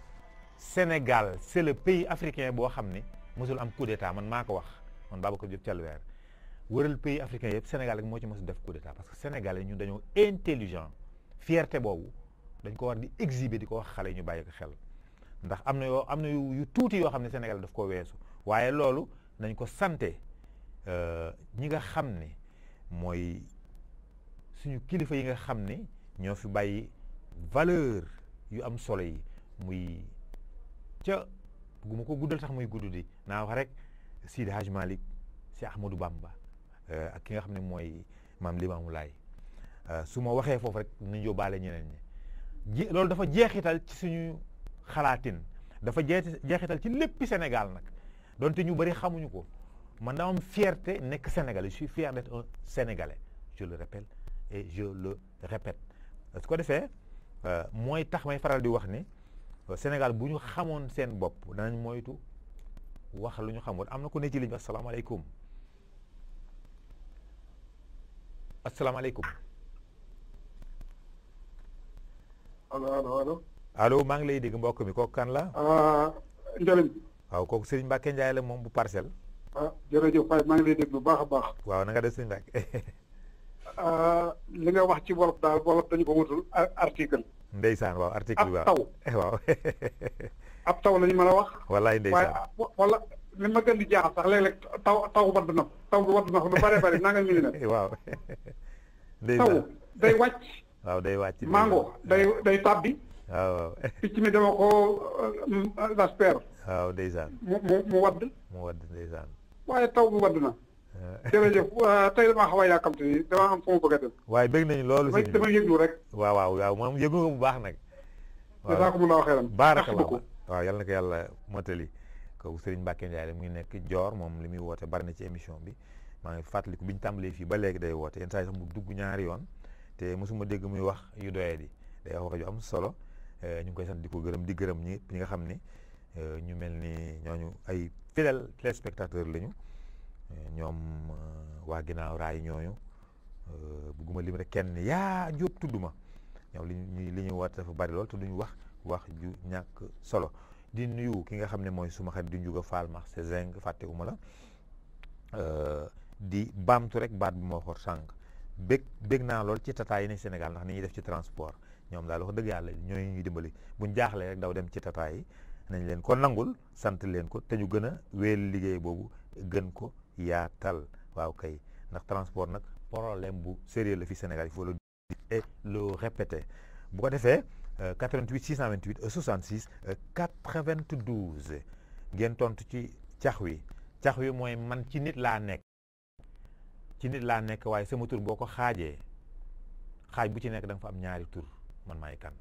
Sénégal c'est le pays africain boo xam ni mosul am coup d'état man maa ko wax man ko Diop Thialwer waral pays africain yëpp Sénégal rek moo ci mosul def coup parce que sénégalais ñun dañoo intelligent fierté boobu dañ ko war di exhiber di ko wax xale ñu bàyyi ko xel ndax am na yoo am na yu tuuti yoo xam ne Sénégal daf ko weesu waaye loolu nañ ko sante euh, ñi nga xam ni mooy suñu kilifa yi nga xam ne ñoo fi bàyyi valeur yu am solo yi muy ca guma ko guddal sax muy gudd di naa wax rek Sidi Hadj Malick si Ahmadou Bamba euh, ak ki nga xam ne mooy maam Limaamu Laay euh, su ma waxee foofu rek nañ bale ñeneen ñi loolu dafa jeexital ci suñu xalaatin dafa jeexital ci léppi Sénégal nag donte ñu bëri xamuñu ko man dama am fierté nekk Sénégalais je suis fier d'être un Sénégalais je le rappelle et je le répète su ko defee euh, mooy tax may faral di wax ni euh, Sénégal bu ñu xamoon seen bopp danañ moytu wax lu ñu xamul am na ko ne ci ligne bi asalaamaaleykum asalaamaaleykum. allo allo allo. allo maa ngi lay dégg mbokk mi kooku kan la. Ah, Ndiolène. waaw kooku Serigne Mbacke Ndiaye la moom bu parcel ah baax a waaw na nga def Serigne Mbacke. Euh, li nga wax ci wolof daal wolof dañu ko wutul article. ndeysaan waaw article waaw ab taw waaw. ab taw lañu mën a wax. wallaay ndeysaan waaye wala li ma gën di jaaxal sax léeg-léeg taw taw wadd na taw bi wadd na lu bare bare naa nga ñu ne. waaw ndeysaan taw day wàcc. waaw day wàcc mango day day tàbbi. waaw waaw. picc mi dama ko rasper. Euh, mm, euh, waaw ndeysaan. mu mu mu wadd. mu wadd ndeysaan. waaye taw bi wadd na. Euh, jërëjëf euh, tey damaa xaw a yàkkamti damaa am fu ma bëgg dem. waaye bëgg nañu loolu. si dama yëglu rek. waaw waaw waaw moom yëgu nga bu baax nag. waaw dinaa ko mën yàlla waxee lan. baaraka la ko yàlla motali. kooku Serigne Mbacke Ndiaye mu ngi nekk joor moom li muy woote bari na ci émission bi maa ngi fàttaliku bi ñu tàmbalee fii ba léegi day woote yenn saa yi sax mu dugg ñaari yoon te mosuma dégg muy wax yu doyee di day wax yu am solo euh, ñu ngi koy sant di ko gërëm di gërëm ñi ñi nga xam ne ñu mel ni ñooñu ay fidèle téléspectateur lañu ñoom euh, waa ginnaaw raay ñooñu euh, bugguma lim rek kenn yaa Jóob tudd ma ñoom li ñuy li ñuy woote dafa bari lool te ñu wax wax ju ñàkk solo di nuyu ki nga xam ne mooy suma xarit di njuga faal marché zing fàttewuma la euh, di baamtu rek baat bi ma waxoon sànq bég bég naa lool ci tataay yi ne Sénégal ndax ni ñuy def ci transport ñoom daal wax dëgg yàlla ñooy ñuy dimbali buñ jaaxlee rek daw dem ci tataay nañ leen kon nangul sant leen ko te ñu gën a wéel liggéey boobu gën ko yaatal waaw kay ndax transport nag problème bu sérieux la fi Sénégal il faut le dire et le répéter bu ko defee 88 628 66 92 ngeen tontu ci cax wi cax wi mooy man ci nit laa nekk ci nit laa nekk waaye sama tur boo ko xaajee xaaj bu ci nekk da nga fa am ñaari tur man maay kan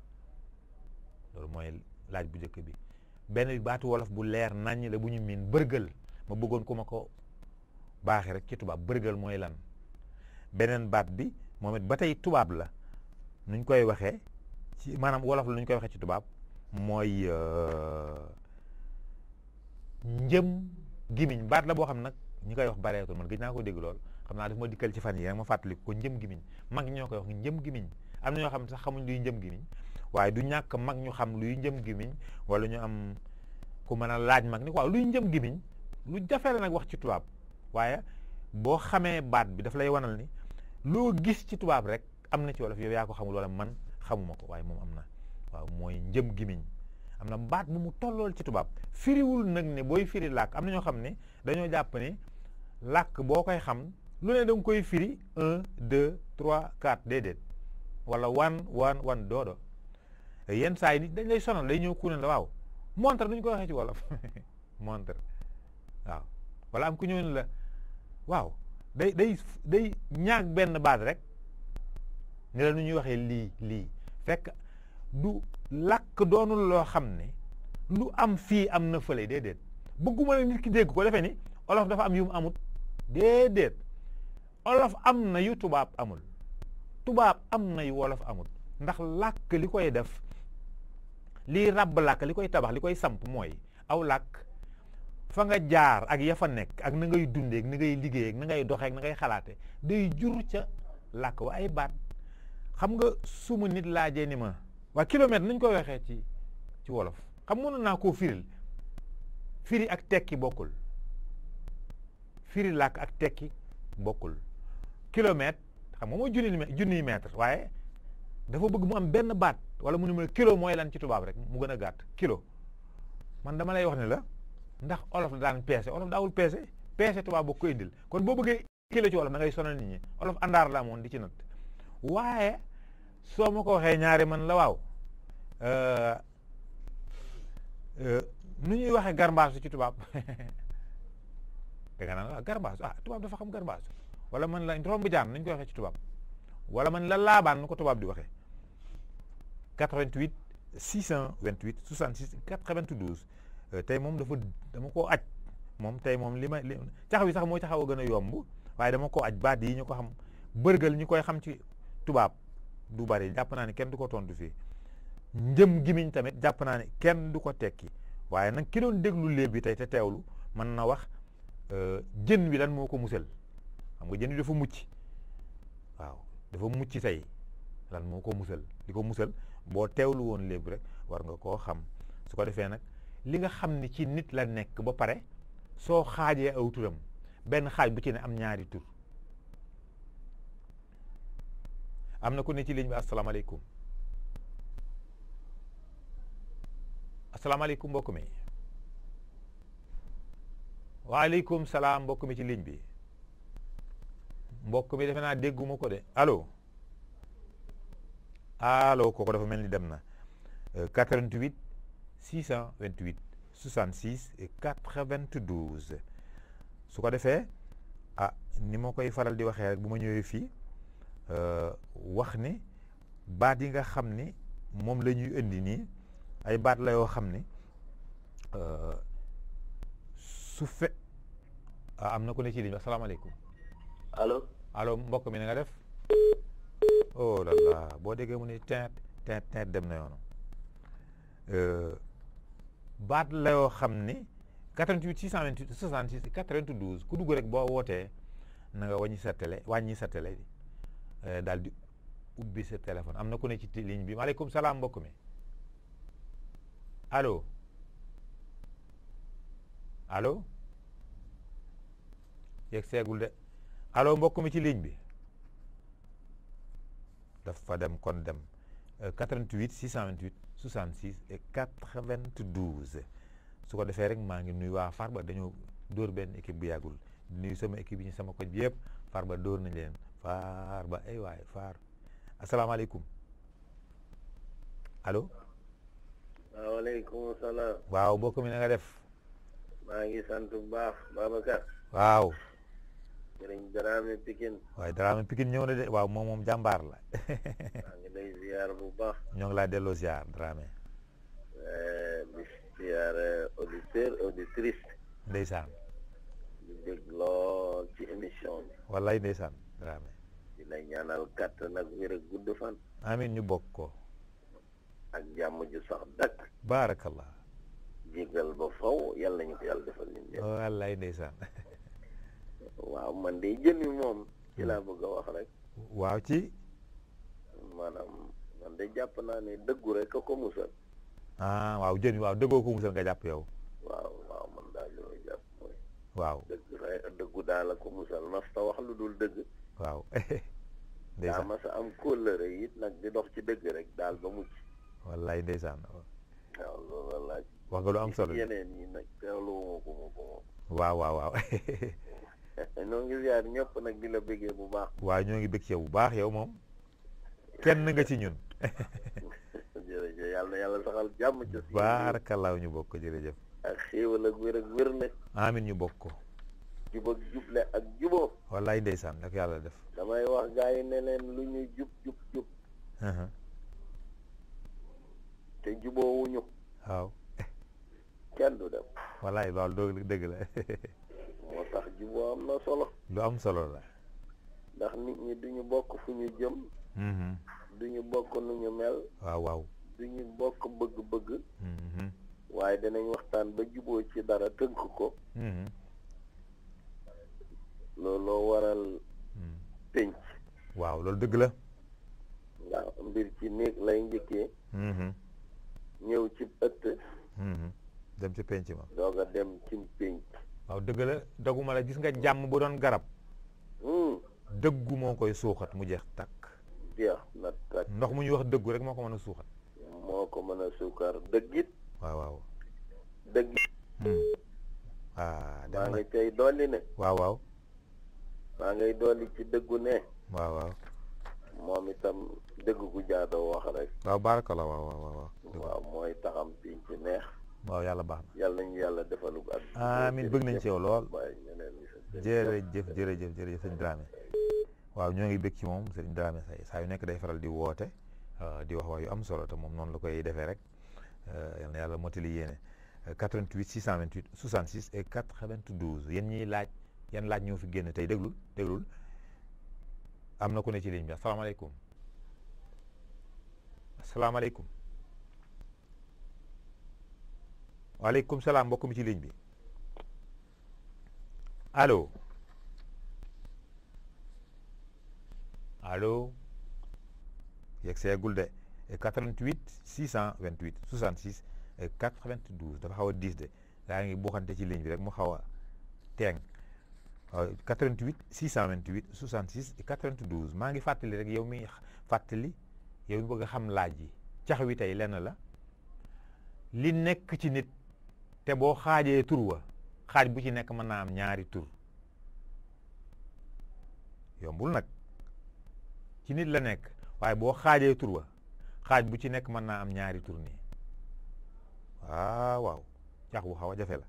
loolu mooy laaj bu njëkk bi benn bi baatu wolof bu leer naññ la bu ñu miin bërgël ma bëggoon ku ma ko baaxee rek ci tubaab bërgël mooy lan beneen baat bi moom ba tey tubaab la nuñ koy waxee ci maanaam wolof la nuñ koy waxee ci tubaab mooy euh, njëm gimiñ baat la boo xam nag ñi koy wax bareetul man gëj naa ko dégg lool xam naa daf ma dikkal ci fan yi rek ma fàttali ko njëm gimiñ mag ñoo koy wax njëm gimiñ am na ñoo xam ne sax xamuñ luy njëm gimiñ waaye du ñàkk mag ñu xam luy njëm gimiñ wala ñu am ku mën a laaj mag ni waaw luy njëm gimiñ lu jafe nag wax ci tubaab waaye boo xamee baat bi daf lay wanal ni loo gis ci tubaab rek am na ci wolof yow yaa ko xamul wala man xamuma ko waaye moom am na waaw mooy njëm gimiñ am na baat bu mu tollool ci tubaab firiwul nag ne booy firi làkk am na ñoo xam ne dañoo jàpp ne làkk boo koy xam lu ne koy firi un deux trois wala wan wan wan doodo yenn saa yi nit dañ lay sonal day ñëw ku waaw montre duñ ko waxee ci wolof montre waaw wala am ku ñëw ne la waaw day day ñaag benn baat rek ne la ñuy waxee lii lii fekk du làkk doonul loo xam ne lu am fii am na fële déedéet bëgguma ne nit ki dégg ko defee ni olof dafa am yu mu amut déedéet olof am na yu tubaab amul tubaab am na yu wolof amut ndax làkk li koy def liy ràbb làkk li koy tabax li koy samp mooy aw làkk fa nga jaar ak ya fa nekk ak na ngay dundee ak na ngay liggéey ak na ngay doxee ak na ngay xalaate day jur ca làkk wa ay baat xam nga suma ma nit laajee ni ma waa kilomètre nuñ koy weexee ci ci wolof xam mënoon naa koo firil firi ak tekki bokkul firi làkk ak tekki bokkul kilomètre xam nga mooy junni junniy mètre waaye dafa bëgg mu am benn baat wala mu ne ma kilo mooy lan ci tubaab rek mu gën a gàtt kilo man dama lay wax ne la ndax olof la daan peese olof daawul peese peese tubaab boo ko indil kon boo bëggee kii ci olof da ngay sonal nit ñi olof àndaar la amoon di ci nat waaye soo ma ko waxee ñaari man la waaw nu ñuy waxee garbaasu ci tubaab da nga naan waaw garbaasu ah tubaab dafa xam garbaasu wala man la romb jaan nañ ko waxee ci tubaab wala man la laabaan nu ko tubaab di waxee 88 628 66 92 Euh, tey moom dafa dama ko aj moom tey moom li ma li caxaw yi sax mooy caxaw a gën a yomb waaye dama ko aj baat yi ñu ko xam bërgal ñu koy xam ci tubaab du bari jàpp naa ne kenn du ko tontu fii njëm gimiñ tamit jàpp naa ne kenn du ko tekki waaye nag ki doon déglu léeb bi tey te teewlu man na wax euh, jën wi lan moo ko musal xam nga jën wi dafa mucc waaw dafa mucc tey lan moo ko musal di ko musal boo teewlu woon léeb rek war nga koo xam su ko defee nag li nga xam ni ci nit la nekk ba pare soo xaajee aw turam benn xaaj bu ci ne am ñaari tur am na ku ne ci ligne bi asalaamaaleykum asalaamaaleykum mbokk mi waaleykum salaam mbokk mi ci ligne bi mbokk mi defe naa dégguma ko de allo allo kooku dafa mel ni dem na 88 euh, 628 66 et 92 su ko defee ah ni ma koy faral di waxee rek bu ma ñëwee fii euh, wax ni baat yi nga xam ni moom la ñuy indi nii ay baat la yoo xam ni euh, su fe ah am na ko ne ci ligne bi asalaamaaleykum. allo allo mbokk mi na def. oh là là boo déggee mu ne teint teint teint dem na yoonu. Euh, baat la yoo xam ni 88 628 66 92 ku dugg rek boo wootee na nga wàññi sa télé wàññi euh, daal di ubbi sa téléphone am na ku ne ci ligne bi maaleykum salaam mbokk mi allo allo yegg de allo mbokk ci ligne bi fa dem kon dem 88 euh, 628. 66 et 92 su ko defee rek maa ngi nuyu waa ba dañoo dóor benn équipe bu yàggul nuyu sama équipe yi ñu sama koj bi yëpp ba dóor na leen Farba ay waay Far asalaamaaleykum allo. waaleykum salaam. waaw mbokk mi na nga def. maa ngi sant bu baax Babacar. waaw. jërëjëf Dramé Pikine. waaye Dramé Pikine ñëw na de moom moom jàmbaar la. maa ngi lay ziar bu baax. ñoo ngi laa delloo ziar Dramé. Eh, di ziar eh, auditeur auditrice. ndeysaan. di dégg lool ci émission bi. wallaay ndeysaan Dramé. di la ñaanal kàttan ak wér ak gudd fan. amiin ñu bokk ko. ak jàmm ju sax dakk. baarakallah. jégal ba faw yàlla ñu ko yàlla defal nit ñi. wallaay ndeysaan. waaw man de jën wi moom ci laa bëgg wax rek waaw ci maanaam man de jàpp naa ne dëggu rek ko musal ah waaw jën wi waaw dëggoo ko musal nga jàpp yow waaw waaw man daal li may jàpp mooy waaw dëgg rek dëggu daal ko musal nasta wax lu dul dëgg waaw ndeysaan daa sa am kóllëre it nag di dox ci dëgg rek daal ba mucc wallaay ndeysaan waaw loolu la laaj wax nga lu am solo yeneen yi nag teewlu ma ko ma ko moom waaw waaw waaw ñoo ngi ziar ñëpp nag di la bëggee bu baax. waaw ñoo ngi bëgg ci yow bu baax yow moom kenn nga ci ñun. yàlla yàlla saxal jàmm ci. baarakallaaw ñu bokk jërëjëf. ak xéewal ak wér ak wér la. ñu bokk ko. jub ak juble ak juboo. wallaay ndeysaan nag yàlla def. damay wax gars ne leen lu ñuy jub jub jub. te juboo wuñu. waaw. kenn du dem. wallaay loolu dëgg la. moo tax juboo am na solo lu am solo la ndax nit ñi duñu bokk fu ñu jëm mm-hmm. duñu bokk nu ñu mel waaw waaw duñu bokk bëgg-bëgg mm-hmm. waaye danañ waxtaan ba juboo ci dara tënk ko mm-hmm. looloo waral pénc waaw loolu dëgg la waaw mbir ci néeg lay njëkkee ñëw ci ëtt dem ci pénc ma doog dem ci pénc waaw dëgg la dagguma la gis nga jàmm bu doon garab hmm. dëggu moo koy suuxat mu jeex takk jeex na takk ndox mu ñuy wax dëggu rek moo ko mën a suuxat moo ko mën a suukar dëgg waaw waaw dëggit hmm. ah waaw waaw maa ngay dolli ci dëggu ne waaw waaw moom itam dëgg gu jaadoo wax rek waaw baraka la waaw waaw waaw mooy taxam piñ ci neex waaw yàlla baax na. yàlla nañu yàlla defalu ak. bëgg nañ ci yow lool. jërëjëf jërëjëf jërëjëf sëñ Dramé. waaw ñoo ngi bëgg ci moom sëñ Dramé say saa yu nekk day faral di woote ah, di wax wax yu am solo te moom noonu la koy defee rek ah, yal na yàlla motali yéene 88 628 66 et 92 yéen ñiy laaj yan laaj ñoo fi génn tey déglul déglul am na ko ne ci ligne bi asalaamaaleykum asalaamaaleykum. waaleykum salaam mbokk ci ligne bi allo allo yegg seegul de 88 eh, 628 eh, dafa xaw a 10 de daa ngi buuxante ci ligne bi rek mu xawa a teeng 88 eh, maa ngi fàttali rek yow mi fàttali yow mi bëgg a xam laaj yi cax wi tey lenn la li nekk ci nit te boo xaajee tur wa xaaj bu ci nekk mën naa am ñaari tur yombul nag ci nit la nekk waaye boo xaajee tur wa xaaj bu ci nekk mën naa am ñaari tur nii waaw waaw cax bu xaw a jafe la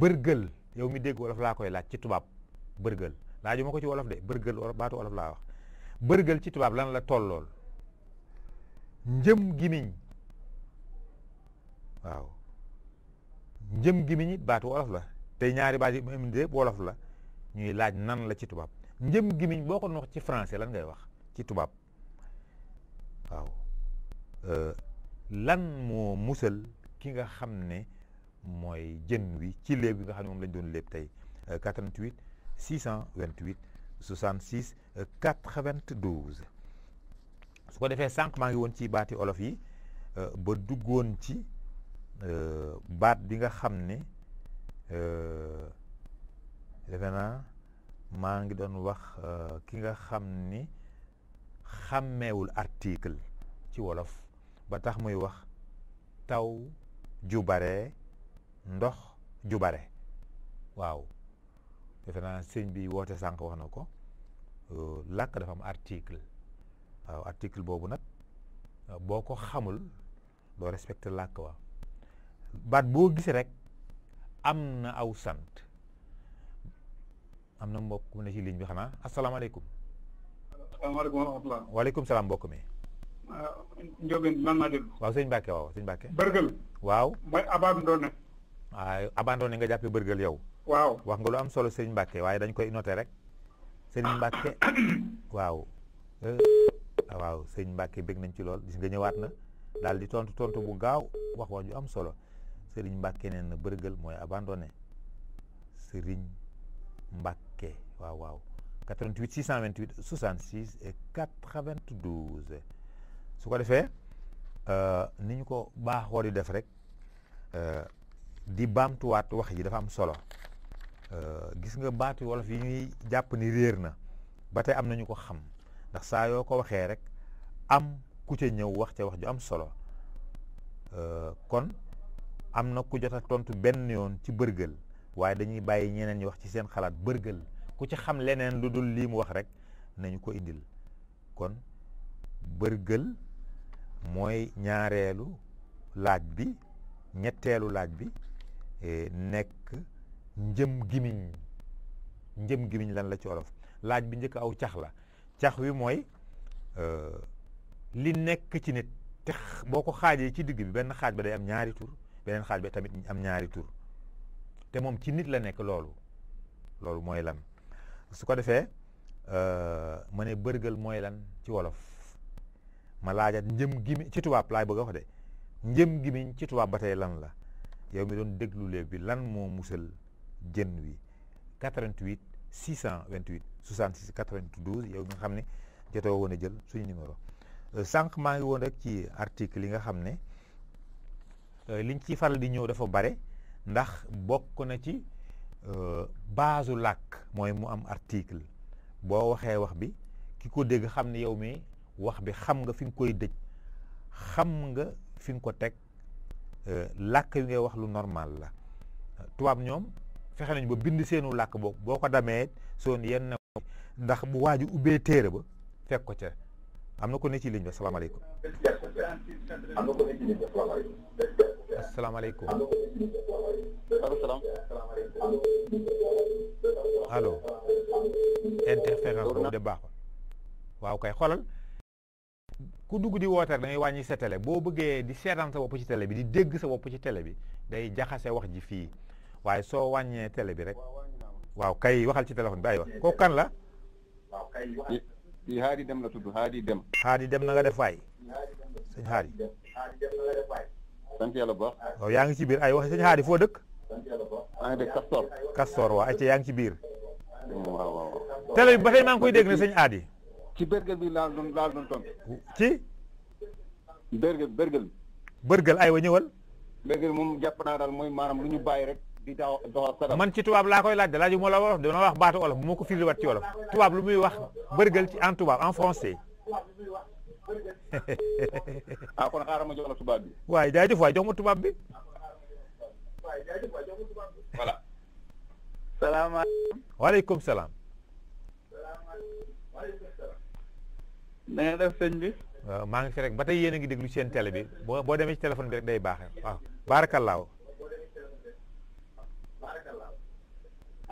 bërgël yow mi dégg wolof laa koy laaj ci tubaab bërgël laaj ma ko ci wolof de bërgël baatu wolof laa wax bërgël ci tubaab lan la tollool njëm gimiñ waaw njëm gimiñi baatu wolof la te ñaari baat yi mu indi wolof la ñuy laaj nan la ci tubaab njëm gimiñ boo ko wax ci français lan ngay wax ci tubaab waaw euh, lan moo musal ki nga xam ne mooy jën wi ci léeb bi nga xam ne moom lañ doon léeb tey 88 628 66 92 su ko defee sànq maa ngi woon ci baati olof yi euh, ba duggoon ci Euh, baat bi nga xam ne euh, defe naa maa ngi doon wax euh, ki nga xam ni xàmmeewul article ci wolof ba tax muy wax taw ju bare ndox ju bare waaw defe naa sëñ bi woote sànq wax na ko làkk dafa am article waaw article boobu nag boo ko xamul doo respecté làkk wa baat boo gisee rek am na aw sant am na mbokk mu ne ci ligne bi xanaa asalaamaaleykum. asalaamaaleykum wa rahmatulah. waaleykum mbokk mi. Uh, Ndiobène man maa déglu. waaw sëñ Mbacke waaw sëñ Mbacke. bërgël. waaw mooy abandonné. waaw nga jàppee bërgël yow. waaw wax nga lu am solo sëñ Mbacke waaye dañ koy notee rek. sëñ Mbacke waaw. Eh, waaw sëñ Mbacke bég nañ ci lool gis nga ñëwaat na daal di tontu tontu bu gaaw wax wax ju am solo. sëriñ Mbàkke nee na bërgël mooy abandonné sëriñ Mbàkke waaw waaw 88 628 66 et 92 su ko defee euh, ni ñu ko baaxoo di def rek euh, di baamtuwaat wax yi dafa am solo euh, gis nga baati wolof yi ñuy jàpp ni réer na ba tey am nañu ko xam ndax saa yoo ko waxee rek am ku ca ñëw wax ca wax ju am solo kon am na ku jot a tontu benn yoon ci bërgël waaye dañuy bàyyi ñeneen ñi wax ci seen xalaat bërgël ku ci xam leneen lu dul lii mu wax rek nañu ko indil kon bërgël mooy ñaareelu laaj bi ñetteelu laaj bi e, nekk njëm gimiñ njëm gimiñ lan la ci olof laaj bi njëkk aw cax la cax wi mooy e, li nekk ci nit tex boo ko xaajee ci digg bi benn xaaj ba day am ñaari tur beneen xaaj bi tamit am ñaari tur te moom ci nit la nekk loolu loolu mooy lan su ko defee euh, ma ne bërgël mooy lan ci wolof ma laajat njëm gimi ci tubaab laay bëgg a njëm gimiñ ci ba tey lan la yow mi doon déglu léeb bi lan moo musal jën wi 88 628 66 92 yow mi nga xam ne jetoo woon a jël suñu numéro euh, sànq maa ngi woon rek ci article yi nga xam ne Euh, liñ ciy faral di ñëw dafa bare ndax bokk na ci euh, baasu làkk mooy mu am article boo waxee wax bi ki ko dégg xam ni yow mii wax bi xam nga fi nga koy dëj xam nga fi nga ko teg euh, làkk yu ngay wax lu normal la tubaab ñoom fexe nañ ba bind seenu làkk boo boo ko damee soon yenn ndax bu waaju ubbee téere ba fekk ko ca am na ko ne ci ligne bi salaamaaleykum am na ko ne ci ligne salaamaaleykum salaamaaleykum. maaleykum salaam. allo. interférence waaw kay xoolal. ku dugg di woote rek da ngay wàññi sa télé boo bëggee di seetaan sa bopp ci tele bi di dégg sa bopp ci tele bi day jaxase wax ji fii waaye soo wàññee télé bi rek. waaw kay waxal ci téléphone bi aywa kooku kan la. waaw Haadi Dem la tudd Haadi Dem. Haadi Dem na def waay. Haadi. sant yàlla bu yaa ngi ci biir ay wax sëñ Xaadi foo dëkk. maa ngi dëkk Kastor. yaa ngi ci biir. waaw ba tey maa ngi koy dégg ne sëñ Xaadi. ci bërgël bi laal doon laal doon tontu. ci. bërgël bërgël. bërgël wa ñëwal. bërgël moom naa daal mooy maanaam lu ñu bàyyi rek. di daaw doxal sadar man ci tubaab laa koy laaj laaju ma la wolof dama wax baatu olof bu ma ko wat ci wolof tubaab lu muy wax bërgël ci en tubaab en français. ah kon xaaral ma jox la tubaab bi. waay jaajëf waay jox ma tubaab bi. voilà. salaamaaleykum. waaleykum salaam. na nga def sëñ bi. maa ngi fi rek ba te yéen a ngi déglu seen télé bi boo boo demee ci téléphone bi rek day baax waaw baarakallaaw.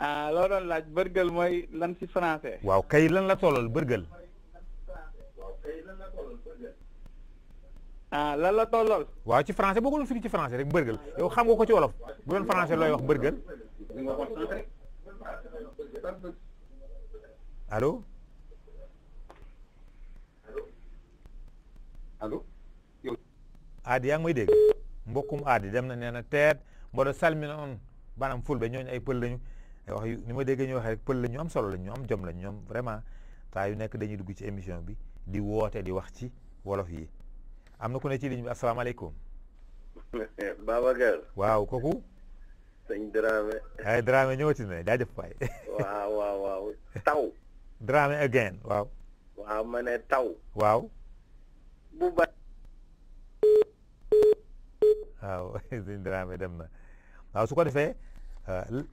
ah loo doon laaj bërgël mooy lan ci français. waaw kay lan la tollal bërgël. ah lan la tollool. waaw ci français boo ko doon firi ci français rek mbërgël yow xam nga ko ci wolof bu doon français looy wax mbërgël. allo. allo. aadi yaa ngi may dégg mbokkum aadi dem na nee na teet mbooloo salmina on maanaam fulbe ñooñu ay pël lañu wax yu ni ma déggee ñu waxee rek pël lañu am solo lañu ñu am jom lañ ñoom vraiment saa yu nekk dañuy dugg ci émission bi di wootee di wax ci wolof yi. am na ku ne ci ligne bi asalaamaaleykum. Babacar. waaw kooku. sëñ Dramé. ay eh, Dramé ñëwati na jaajëf waaw waaw waaw taw. Dramé again waaw. ma ne taw. waaw. bu ba. waaw sëñ Dramé dem na waaw su ko defee. Euh,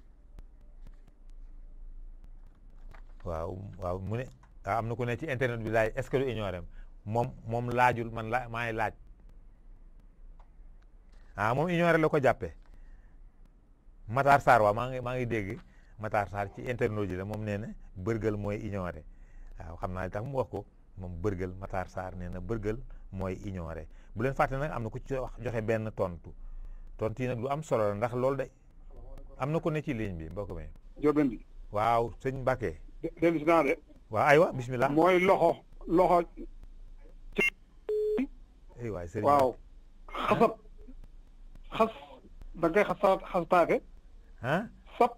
waaw waaw mu ne ah, am na ku ne ci internet bi laaj est-ce que du ignoré moom moom laajul man la maay laaj ah moom ignoré la ko jàppe Matar Sarr waaw maa ngi maa ngi dégg Matar saar ci internet ji la moom nee na bërgël mooy ignoré waaw ah, xam naa li tax mu wax ko moom bërgël Matar Sarr nee na bërgël mooy ignoré bu leen fàtte nag am na ku ci wax joxe benn tontu tontu yi nag lu am solo ndax loolu de na ko ne ci ligne bi mbokk mi. Diobène bi. waaw sëñ Mbacke. dellu si naa de. waaw aywa bisimilah. mooy loxo loxo. aywaay sëriñ waaw xasab xas da ngay xasaat xastaake ah sab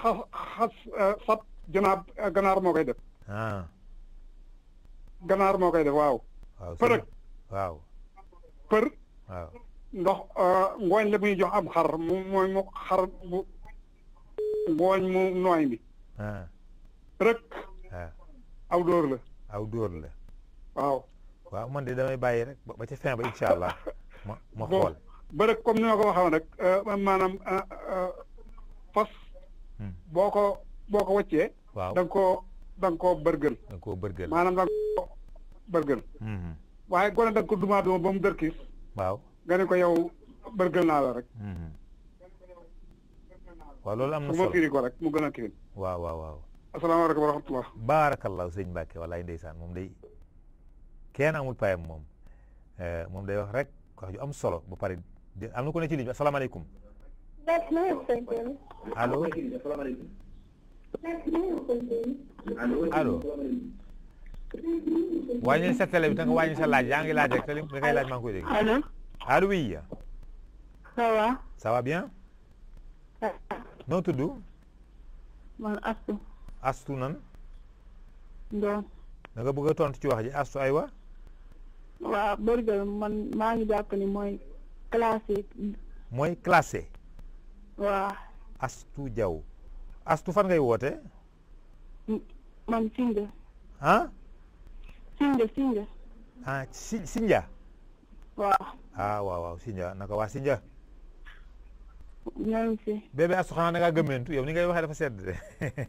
xas xas sab hmm. eh, janaab eh, ganaar moo koy def ah ganaar moo koy def waaw përëg waaw për waaw ndox eh, ngooñ la muy jox am xar mu mu xar bu ngooñ mu nooy mi rëkk aw dóor la aw dóor la waaw waaw man de damay bàyyi rek ba ci fin ba incha allah ma ma xool. ba rek comme ni ma ko waxoon rek euh, maanaam euh, euh, fas. Hmm. boo ko boo ko wàccee. waaw da nga koo da nga koo bërgën. da koo bërgën hmm. waaye gone da ko dumaa ba mu dërkis. waaw nga ko yow bërgën naa la rek. Hmm. waaw loolu am na solo ko rek mu gën a kii. waaw waaw waaw. asalaamaaleykum wa rahmatulah. baarakallahu sëñ Mbacke walaay ndeysaan moom day. kenn amul payam moom eh, moom day wax rek wax ju am solo ba pare am na ko ne ci ligne bi asalaamaaleykum. allo. allo. wàññil sa télé bi te nga wàññi sa laaj yaa ngi laaj koy dégg. allo. allo oui. ça va. bien. noo tudd. man Astu. Astu nan. Ndoom. da nga bëgg a tontu ci wax ji Astu aywa. waaw burger man maa ngi jàpp ni mooy classé. mooy classé. waaw. Astou Diaw Astou fan woote. man Sinja. ah. Sinja Sinja. ah Sinja. waaw. ah waaw waaw Sinja naka waa Sinja. ñoo ngi si. bébé Astou xanaa da yow ni ngay wax dafa sedd de.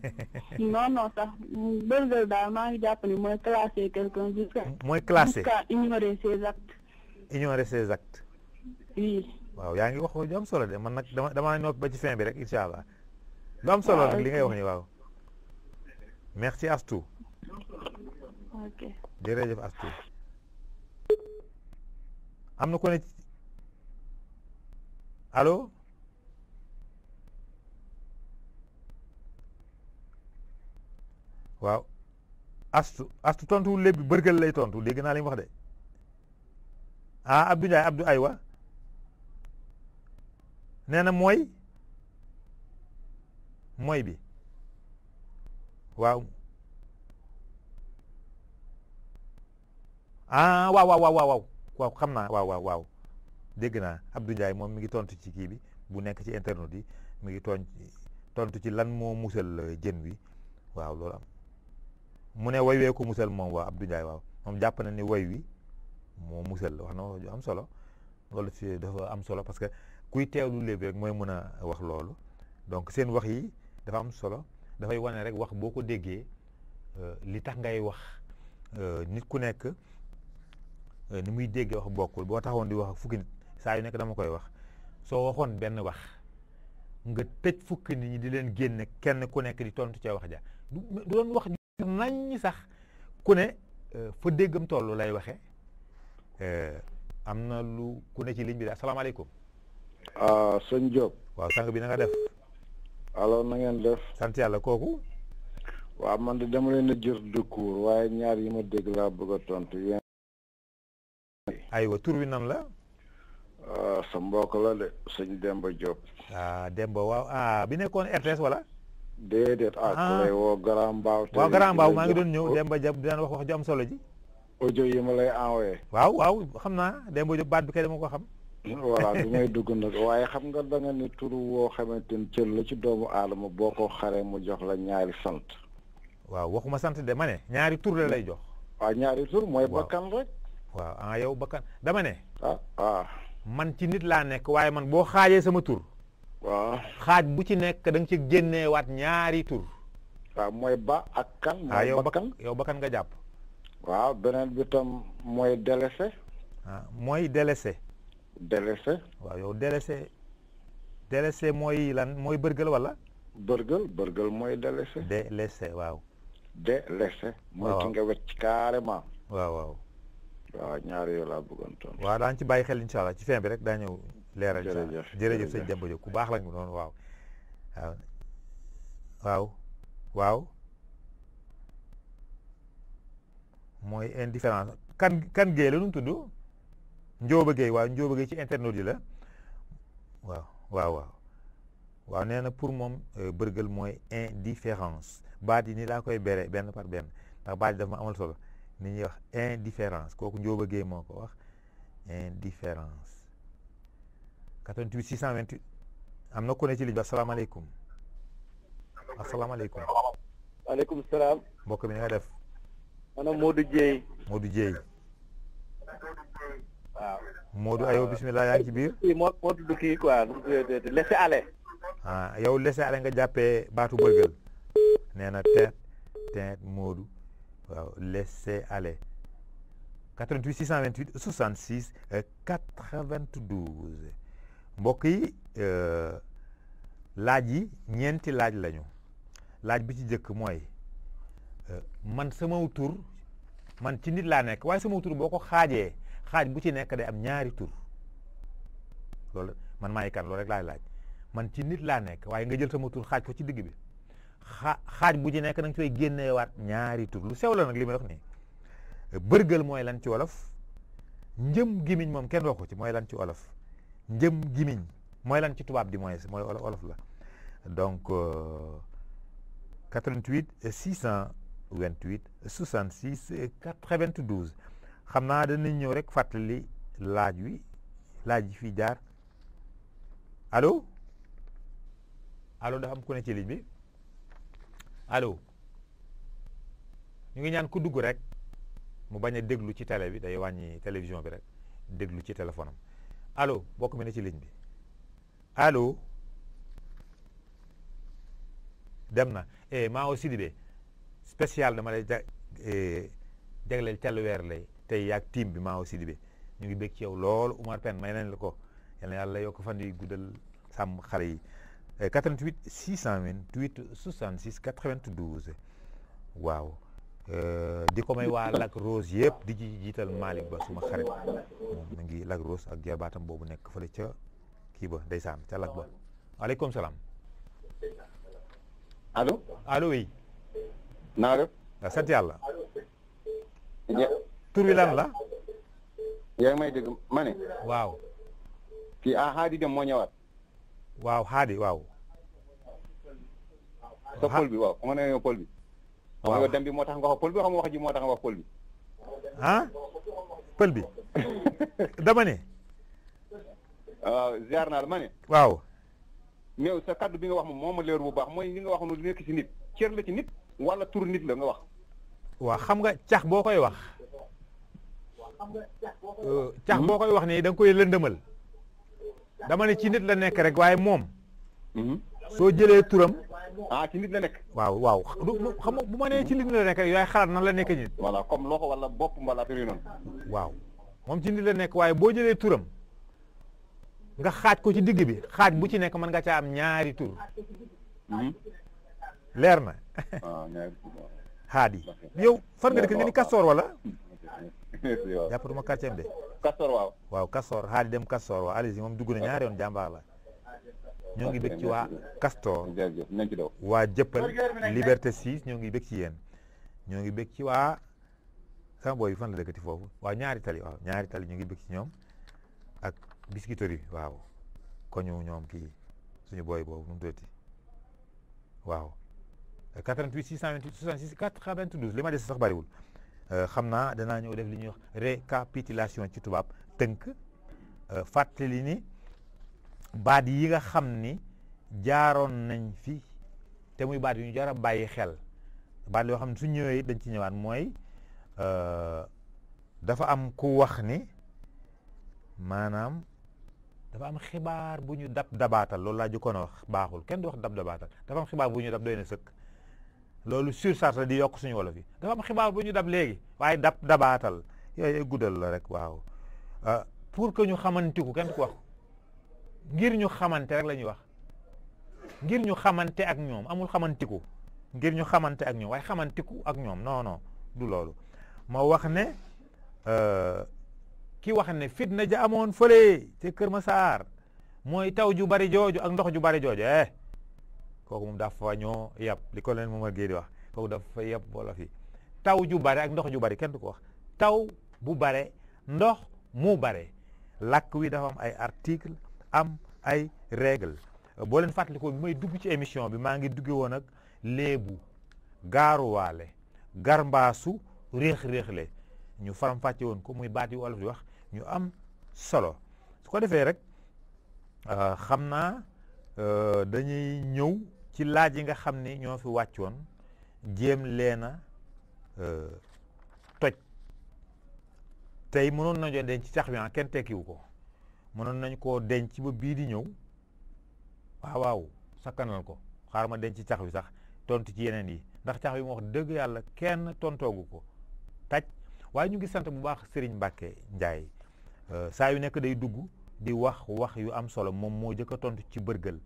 non non sax bërgël daal maa ngi jàpp ni mooy classé quelqu'un jusqu'à. mooy classé jusqu'à ignorer ses actes. ignorer ses waaw yaa ngi wax ko lu solo de man nag dama damaa noppi ba ci fin bi rek incha allah. lu am solo nag li ngay wax ni waaw. merci Astou. ok jërëjëf Astou. am na ko ne waaw astu astu tontu lépp bërgël lay tontu dégg naa li mu wax de ah Abdou Ndiaye Abdou Aywa nee na mooy mooy bi waaw ah waaw waaw waaw waaw waaw xam naa waaw waaw waaw dégg naa Abdou moom mi ngi tontu ci kii bi bu nekk ci internet yi mi ngi tooñ tontu ci lan moo musal euh, jën wi waaw loolu mu ne way wee ko musal moom waa Abdou Ndiaye waaw moom jàpp na ni way wi moo musal wax na ju am solo loolu ci dafa am solo parce que kuy teewlu léeb rek mooy mën a wax loolu donc seen wax yi dafa am solo dafay wane rek wax boo ko déggee euh, li tax ngay wax euh, nit ku nekk euh, ni muy déggee wax bokkul boo taxoon di wax ak fukki nit saa yu nekk dama koy wax soo waxoon benn wax nga tëj fukki nit ñi di leen génn kenn ku nekk di tontu ca wax ja doon wax nañ sax ku ne euh, fa déggam tollu lay waxe euh, am na lu ku ne ci ligne bi daal asalaamaaleykum. Ah, sëñ Diop. waaw sànq bi na def. alors na ngeen def. sant yàlla kooku. waaw man de dama leen a jër dëkkuur waaye ñaar yi ma dégg laa bëgg a tontu yéen. aywa tur wi la. Ah, sa mbokk la de sëñ Demba Diop. ah waaw ah, bi nekkoon RTS wala. déedéet ah ku lay woo Grand Mbaaw waaw Grand Mbaaw maa ngi doon ñëw Demba Diop daan wax wax ju am solo ji audio yi ma lay envoyé waaw waaw xam naa Demba Diop baat bi kay dama ko xam voilà bi may dugg waaye xam nga da nga ni woo xamante ni cër la ci doomu aadama boo ko xaree mu jox la ñaari sant waaw waxuma sant de ma ne ñaari tur la lay jox waaw ñaari tur mooy bakkan rek waaw ah yow bakkan dama ne ah, ah man ci nit laa nekk waaye man boo xaajee sama tur waaw xaaj bu ci nekk da nga ci génneewaat ñaari tur. waaw mooy ba ak kan. Ah, mooy yow bakkan yow bakkan nga jàpp. waaw beneen bi tam mooy délaissé. Ah, mooy délaissé. délaissé. waaw yow délaissé délaissé mooy lan mooy bërgël walla bërgël bërgël mooy délaissé. délaissé waaw. délaissé. waaw mooy ki nga wecc carrément. waaw waaw. waaw ñaari yow laa bëggoon tontu. waaw daañu ci bàyyi xel incha allah ci fin bi rek daa ñëw. leeral jërëjëf jërëjëf sëñ Demba Diop ku baax la ñu noonu waaw waaw waaw waaw mooy indifférence kan kan géey la nu mu tudd Njóoba Géey waaw Njóoba Géey ci internet yi la waaw waaw waaw waaw nee na pour moom euh, bërgël mooy indifférence baat yi nii laa koy bere benn par benn ndax baat yi dafa ma amal solo ni ñuy wax indifférence kooku Njóoba Géey moo ko wax indifférence 88 628 am na ko ne ci ligne bi asalaamaaleykum asalaamaaleykum. waaleykum salaam. mbokk mi na nga def. maanaam Modou Dieye. Modou Dieye. waaw. ayo bisimilah yaa ngi ci biir. kii moo moo tudd kii quoi laisser aller. ah yow laisser aller nga jàppee baatu bëggal nee na mbokk yi euh, laaj yi ñeenti laaj lañu laaj bi ci jëkk mooy euh, man sama tur man ci nit laa nekk waaye sama tur boo ko xaajee xaaj bu ci nekk day am ñaari tur loolu man maay kan loolu rek laay laaj man ci nit laa nekk waaye nga jël sama tur xaaj ko ci digg bi xa xaaj bu ci nekk da nga koy génneewaat ñaari tur lu sew la nag li ma wax nii bërgël mooy lan ci wolof njëm gimiñ moom kenn waxu ci mooy lan ci wolof njëm gimiñ mooy lan ci tubaab di moins mooy olof la donc 88 628 66 92 xam naa danañ ñëw rek fàttali laaj wi laaj yi fii jaar allo alo dafa am ku ne ci ligne bi allo ñu ngi ñaan ku dugg rek mu bañ a déglu ci tele bi day wàññi télévision bi rek déglu ci téléphone am allo bokk mi ne ci ligne bi allo dem na eh Mao Sidibé spécial dama lay ja eh, jagleel tellu weer lay te yaag team bi maa Sidibé ñu ngi bég ci yow loolu Umar Pène may nañ la ko yal na yàlla yokk fan yi guddal sàmm xale yi 88 628 66 92 waaw Euh, di ko may waa Lac Rose yëpp di jiital Malick ba suma xarit moom mu ngi Lac Rose ak jarbaatam boobu nekk fële ca kii ba ndeysaan ca Lac ba aleykum salaam. allo allo oui. naa def. Ah, sant yàlla. tur wi lan la. yaa may dégg ma ne. waaw. kii ah Hadi dem moo ñëwaat. waaw Hadi waaw. sa pol bi waaw comment na pol bi. waaw dem bi moo tax nga wax pël bi wax ji moo tax nga wax pël bi. ah pël bi dama ne. waaw ziar naa la ma ne. waaw. mais sa kaddu bi nga wax moom ma leer bu baax mooy li nga wax noonu nekk ci nit cër la ci nit wala tur nit la nga wax. waaw xam nga cax boo koy wax. Euh, cax boo koy wax nii da nga koy lëndëmal. dama ne ci nit la nekk rek waaye moom. Mhm. soo jëlee turam. ah ci nit la nekk. waaw waaw xam nga bu ma nee ci nit la nekk yaay xalaat nan la nekk nit. voilà comme loxo wala bopp mbala affaire yu waaw moom ci la nekk waaye boo jëlee turam nga xaaj ko ci digg bi xaaj bu ci nekk mën nga caa am ñaari tur. Mhm. leer na. Ah, haadi yow far nga dëkk nga ni Kastoor wala. jàpp duma quartier de. Kastoor waaw. waaw Kastoor haadi dem Kastoor waaw Alési moom dugg na ñaari yoon jàmbaar la. ñoo ngi bëgg ci waa Castor waa jëppal Liberté 6 ñoo ngi bëgg ci yéen ñoo ngi bëgg ci waa sama booy fan la dëkkati foofu waa ñaari tali waaw ñaari tali ñu ngi bëgg ci ñoom ak biscuiterie waaw koñu ñoom kii suñu booy boobu nu mu tuddati waaw 88 628 66 92 li ma des sax bariwul euh, xam naa danaa ñëw def li ñuy wax ci tubaab tënk euh, fàttali ni baat yi nga xam ni jaaroon nañ fi te muy baat yu ñu jar a bàyyi xel baat yoo xam ne su ñëwee dañ ci ñëwaat mooy euh, dafa am ku wax ni maanaam dafa am xibaar bu ñu dab dabaatal loolu laa jëkkoon a wax baaxul kenn du wax dab dabaatal dafa am xibaar bu ñu dab doy na sëkk loolu surcharge la di yokk suñu wolof yi dafa am xibaar bu ñu dab léegi waaye dab dabaatal yooyu guddal la rek waaw euh, pour que ñu xamantiku kenn ko wax ngir ñu xamante rek la ñuy wax ngir ñu xamante ak ñoom amul xamantiku ngir ñu xamante ak ñoom waaye xamantiku ak ñoom non du loolu moo wax ne euh, ki wax ne fitna ja amoon fële ca Kër Masaar mooy taw ju bari jooju ak ndox ju bari jooju eh kooku moom dafa ñoo yab li ko leen moom géey di wax kooku dafa yab wala fi taw ju bare ak ndox ju bari kenn du ko wax taw bu bare ndox mu bare lakk wi dafa am ay article am ay règle euh, boo leen fàttalikoo bi may dugg ci émission bi maa ngi dugge woon ak léebu gaaruwaale garmbaasu réex-réexle ñu faram-fàcce woon ko muy baat yu wolof di wax ñu am solo su ko defee rek euh, xam naa euh, dañuy ñëw ci laaj yi nga xam ni ñoo fi woon jéem leen a toj tey mënoon nañu den ci tax bi ah, kenn tekkiwu ko mënoon nañ koo denc ba bii di ñëw waaw waaw sakkanal ko xaar ma denc cax wi sax tontu ci yeneen yi ndax cax wi ma wax dëgg yàlla kenn tontoogu ko taj waaye ñu ngi sant bu baax Serigne Mbacke njaay euh, saa yu nekk day dugg di wax wax yu am solo moom moo jëkk a tontu ci bërgël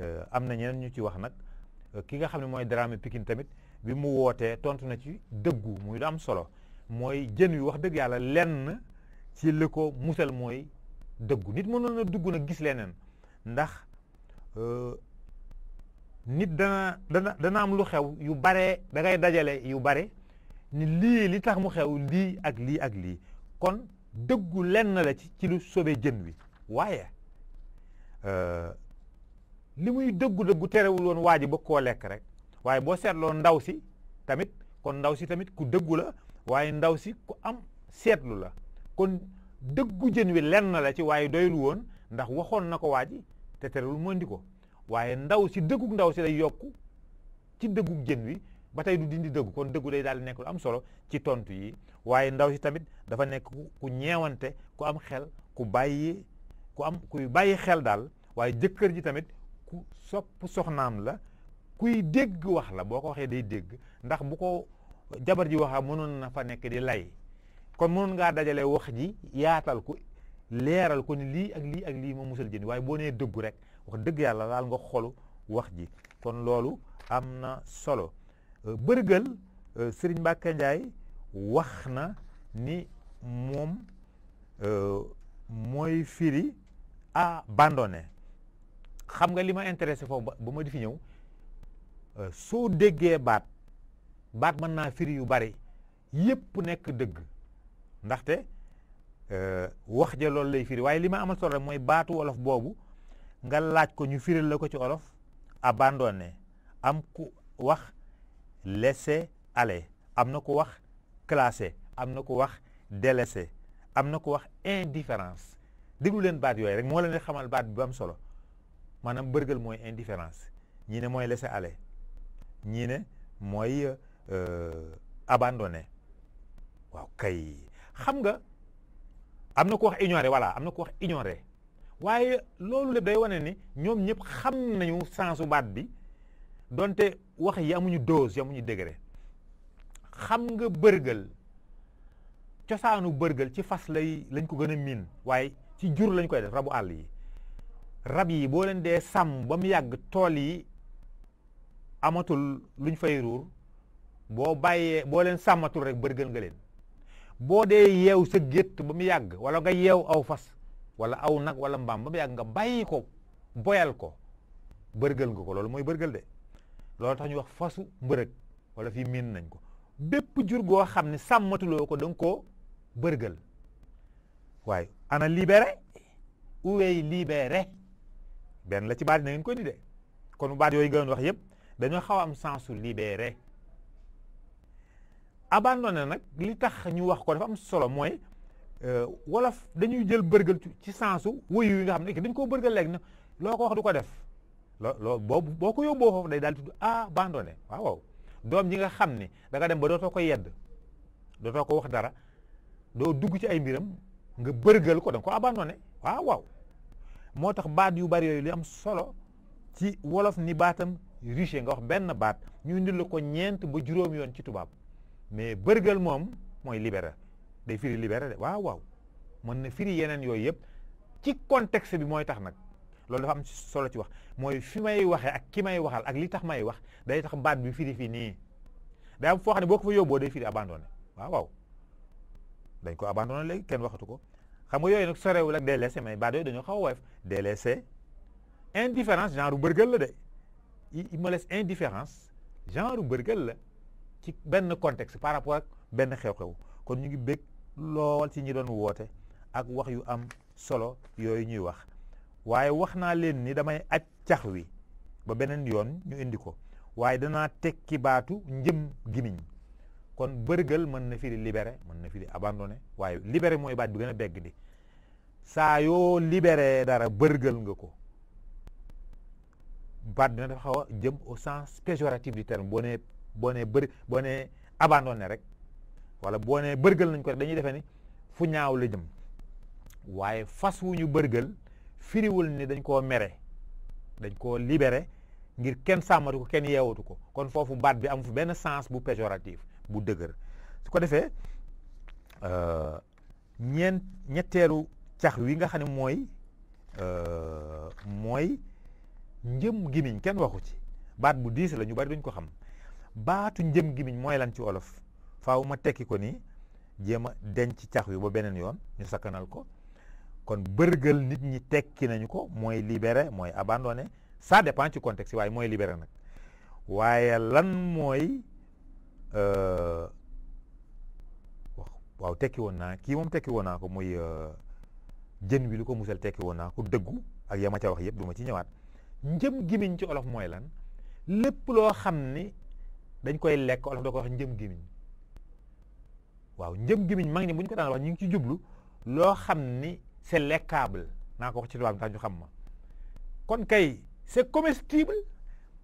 euh, am na ñeneen ñu ci wax nag euh, ki nga xam ne mooy drame pikin tamit bi mu wootee tontu na ci dëggu muy lu am solo mooy jën wi wax dëgg yàlla lenn ci li ko musal mooy dëggu nit mënoon a dugg na gis leneen ndax euh, nit dana dana dana am lu xew yu bare dangay dajale yu bare nit lii li tax mu xew lii ak lii ak lii kon dëggu lenn la ci ci lu sobe jën wi waaye euh, li muy dëggu dëggu terewul woon waa ji ba koo lekk rek waaye boo seetloo ndaw si tamit kon ndaw si tamit ku dëggu la waaye ndaw si ku am seetlu la kon dëggu jën wi lenn la ci waaye doyul woon ndax waxoon na ko waaj te te terewul mu andi ko waaye ndaw si dëggug ndaw si lay yokk ci dëggug jën wi ba tey du dindi dëggu kon dëggu day daal di nekk lu am solo ci tontu yi waaye ndaw si tamit dafa nekk ku ñeewante ku am xel ku bàyyi ku am kuy bàyyi xel daal waaye jëkkër ji tamit ku sopp soxnaam la kuy dégg wax la boo ko waxee day dégg ndax bu ko jabar ji waxaa mënoon na fa nekk di lay kon mënoon ngaa dajale wax ji yaatal ko leeral ko ni lii ak lii ak lii moom musal jën waaye boo nee dëggu rek wax dëgg yàlla laal nga xolu wax ji kon loolu am na solo euh, bërgël euh, Serigne Mbacké Ndiaye wax na ni moom euh, mooy firi a abandonné xam nga li ma intéressé foofu ba ma di fi ñëw soo déggee baat baat mën naa firi yu bari yépp nekk dëgg ndaxte euh, wax ja loolu lay firi waaye li ma amal solo rek mooy baatu wolof boobu nga laaj ko ñu firil la ko ci wolof abandone am ku wax laisser aller am na ko wax classé am na ko wax délaissé am na ko wax indifférence déglu leen baat yooyu rek moo leen di xamal baat bi ba solo maanaam bërgël mooy indifférence ñii ne mooy laisser ale ñii ne mooy euh, abandonné waaw kay xam nga am na ku wax ignoré voilà am na ku wax ignoré waaye loolu lépp day wane ni ñoom ñëpp xam nañu sensu baat bi donte wax yi amuñu dose yi amuñu degré xam nga bërgël cosaanu bërgël ci fas lay lañ ko gën a miin waaye ci jur lañ koy def rabu àll yi rab yi boo leen dee sàmm ba mu yàgg tool yi amatul luñ fay ruur boo bàyyee boo leen sàmmatul rek bërgël nga leen boo dee yeew sa gétt ba mu yàgg wala nga yeew aw fas wala aw nag wala mbaam ba mu yàgg nga bàyyi ko boyal ko bërgël nga ko loolu mooy bërgël de loolu tax ñu wax fasu mbërëg wala fii miin nañ ko bépp jur goo xam ne sàmmatuloo ko da nga koo bërgal waaye ana libéré uwey libéré benn la ci baat yi na ngeen koy di de kon baat yooyu nga doon wax yëpp dañoo xaw am sensu libéré abandonné nag li tax ñu wax ko dafa am solo mooy euh, wolof dañuy jël bërgal ci sensu wuyu yi nga xam ne dañ koo bërgal léegi nag loo ko wax du ko def loo loo boo boo ko yóbboo foofu day daal di tudd ah, abandonné waaw waaw doom nga xam ne da nga dem ba doo dootoo ko yedd dootoo ko wax dara doo dugg ci ay mbiram nga bërgël ko da ko abandonné waaw waaw moo tax baat yu bari yooyu li am solo ci wolof ni baatam richer nga wax benn baat ñu indil la ko ñeent ba juróom yoon ci tubaab mais bërgël moom mooy libéral day firi libéral waaw waaw mën na firi yeneen yooyu yëpp ci contexte bi mooy tax nag loolu dafa am solo ci wax mooy fi may waxee ak ki may waxal ak li tax may wax day tax baat bi firi fii nii day am foo xam ne boo ko fa yóbboo day firi abandonné waaw waaw dañ ko abandonné léegi kenn waxatu ko xam nga yooyu nag sorewul ak délaissé mais baat yooyu dañoo xaw a woyof délaissé indifférence genre bërgël la de il me laisse indifférence genre bërgël la ci benn contexte par rapport ak benn xew-xew kon ñu ngi bég lool ci ñi doon woote ak wax yu am solo yooyu ñuy wax waaye wax naa leen ni damay aj cax wi ba beneen yoon ñu indi ko waaye danaa ki baatu njëm gimiñ kon bërgël mën na firi libere mën na firi abandonné waaye libere mooy baat bi gën a begg di saa yoo libéré dara bërgël nga ko baat na dafa xaw a jëm au sens péjoratif du terme boo boo nee bëri boo nee rek wala boo nee bërgal nañ ko rek dañuy defee ni fu ñaaw la jëm waaye fas wu ñu bërgal firiwul ni dañ koo mere dañ ko libere ngir kenn sàmmatu ko kenn yeewatu ko kon foofu baat bi am fu benn sens bu péjoratif bu dëgër su ko defee euh, ñeent ñetteelu cax wi nga xam ne mooy euh, mooy njëm gimiñ kenn waxu ci baat bu diis la ñu bari duñ ko xam baatu njëm gimiñ mooy lan ci olof faw ma tekki ko nii jéem a denc cax yu ba beneen yoon ñu sakkanal ko kon bërgal nit ñi tekki nañu ko mooy libéré mooy abandone ça dépend ci contexte waaye mooy libere nag waaye lan mooy euh, waaw tekki woon naa kii moom tekki woon naa ko muy euh, jën wi lu ko musal tekki woon naa ko dëggu ak yama ca wax yëpp duma ma ci ñëwaat njëm gimiñ ci olof mooy lan lépp loo xam ni dañ koy lekk olof da ko wax njëm gimiñ waaw njëm gimiñ mag ñi bu ñu ko daan wax ñu ngi ci jublu loo xam ni c'est lekkable naa ko wax ci tubaab bi tax ñu xam ma kon kay c'est comestible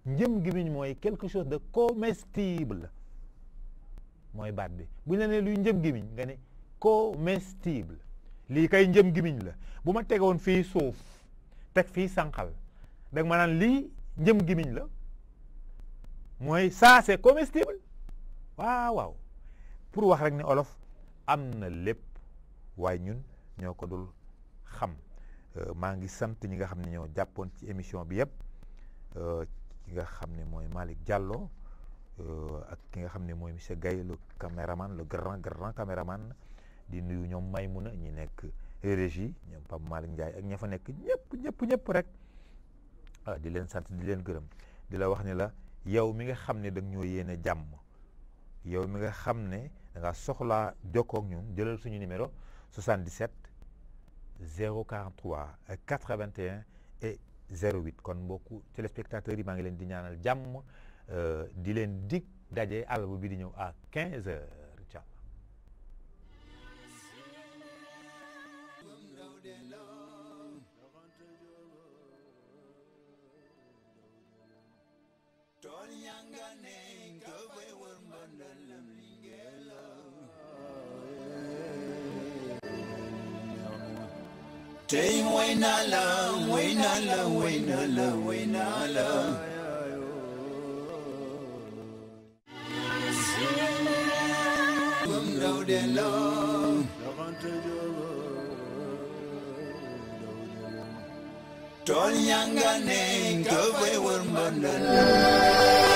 njëm gimiñ mooy quelque chose de comestible mooy baat bi bu ñu la nee luy njëm gimiñ nga ne comestible lii kay njëm gimiñ la bu ma tegoon fii suuf teg fii sànqal da nga ma naan lii njëm gimiñ la mooy ça c'est comestible waaw pour wax rek ni olof am na lépp waaye ñun ñoo ko dul xam euh, maa ngi sant ñi nga xam ne ñoo jàppoon ci émission bi yëpp euh, ki nga xam ne mooy Malick Diallo euh, ak ki nga xam ne mooy monsieur Gaye le caméraman le grand grand caméraman di nuyu ñoom may Maymuna ñi nekk régie ñoom Pape Malick Ndiaye ak ña fa nekk ñëpp ñëpp ñëpp rek ah, di leen sant di leen gërëm di la wax ni la yow mi nga xam ne da ñoo yéene jàmm yow mi nga xam ne da nga soxlaa jokkoo ak ñun jëlal suñu numéro 77 043 81 et 08 kon mbokku téléspectateurs yi maa ngi leen di ñaanal jàmm euh, di leen dig daje àllarba bi di ñëw à 15 tey mooy naa la mooy naa la mooy naa la mooy naa la gom daw de la tool ñanga ne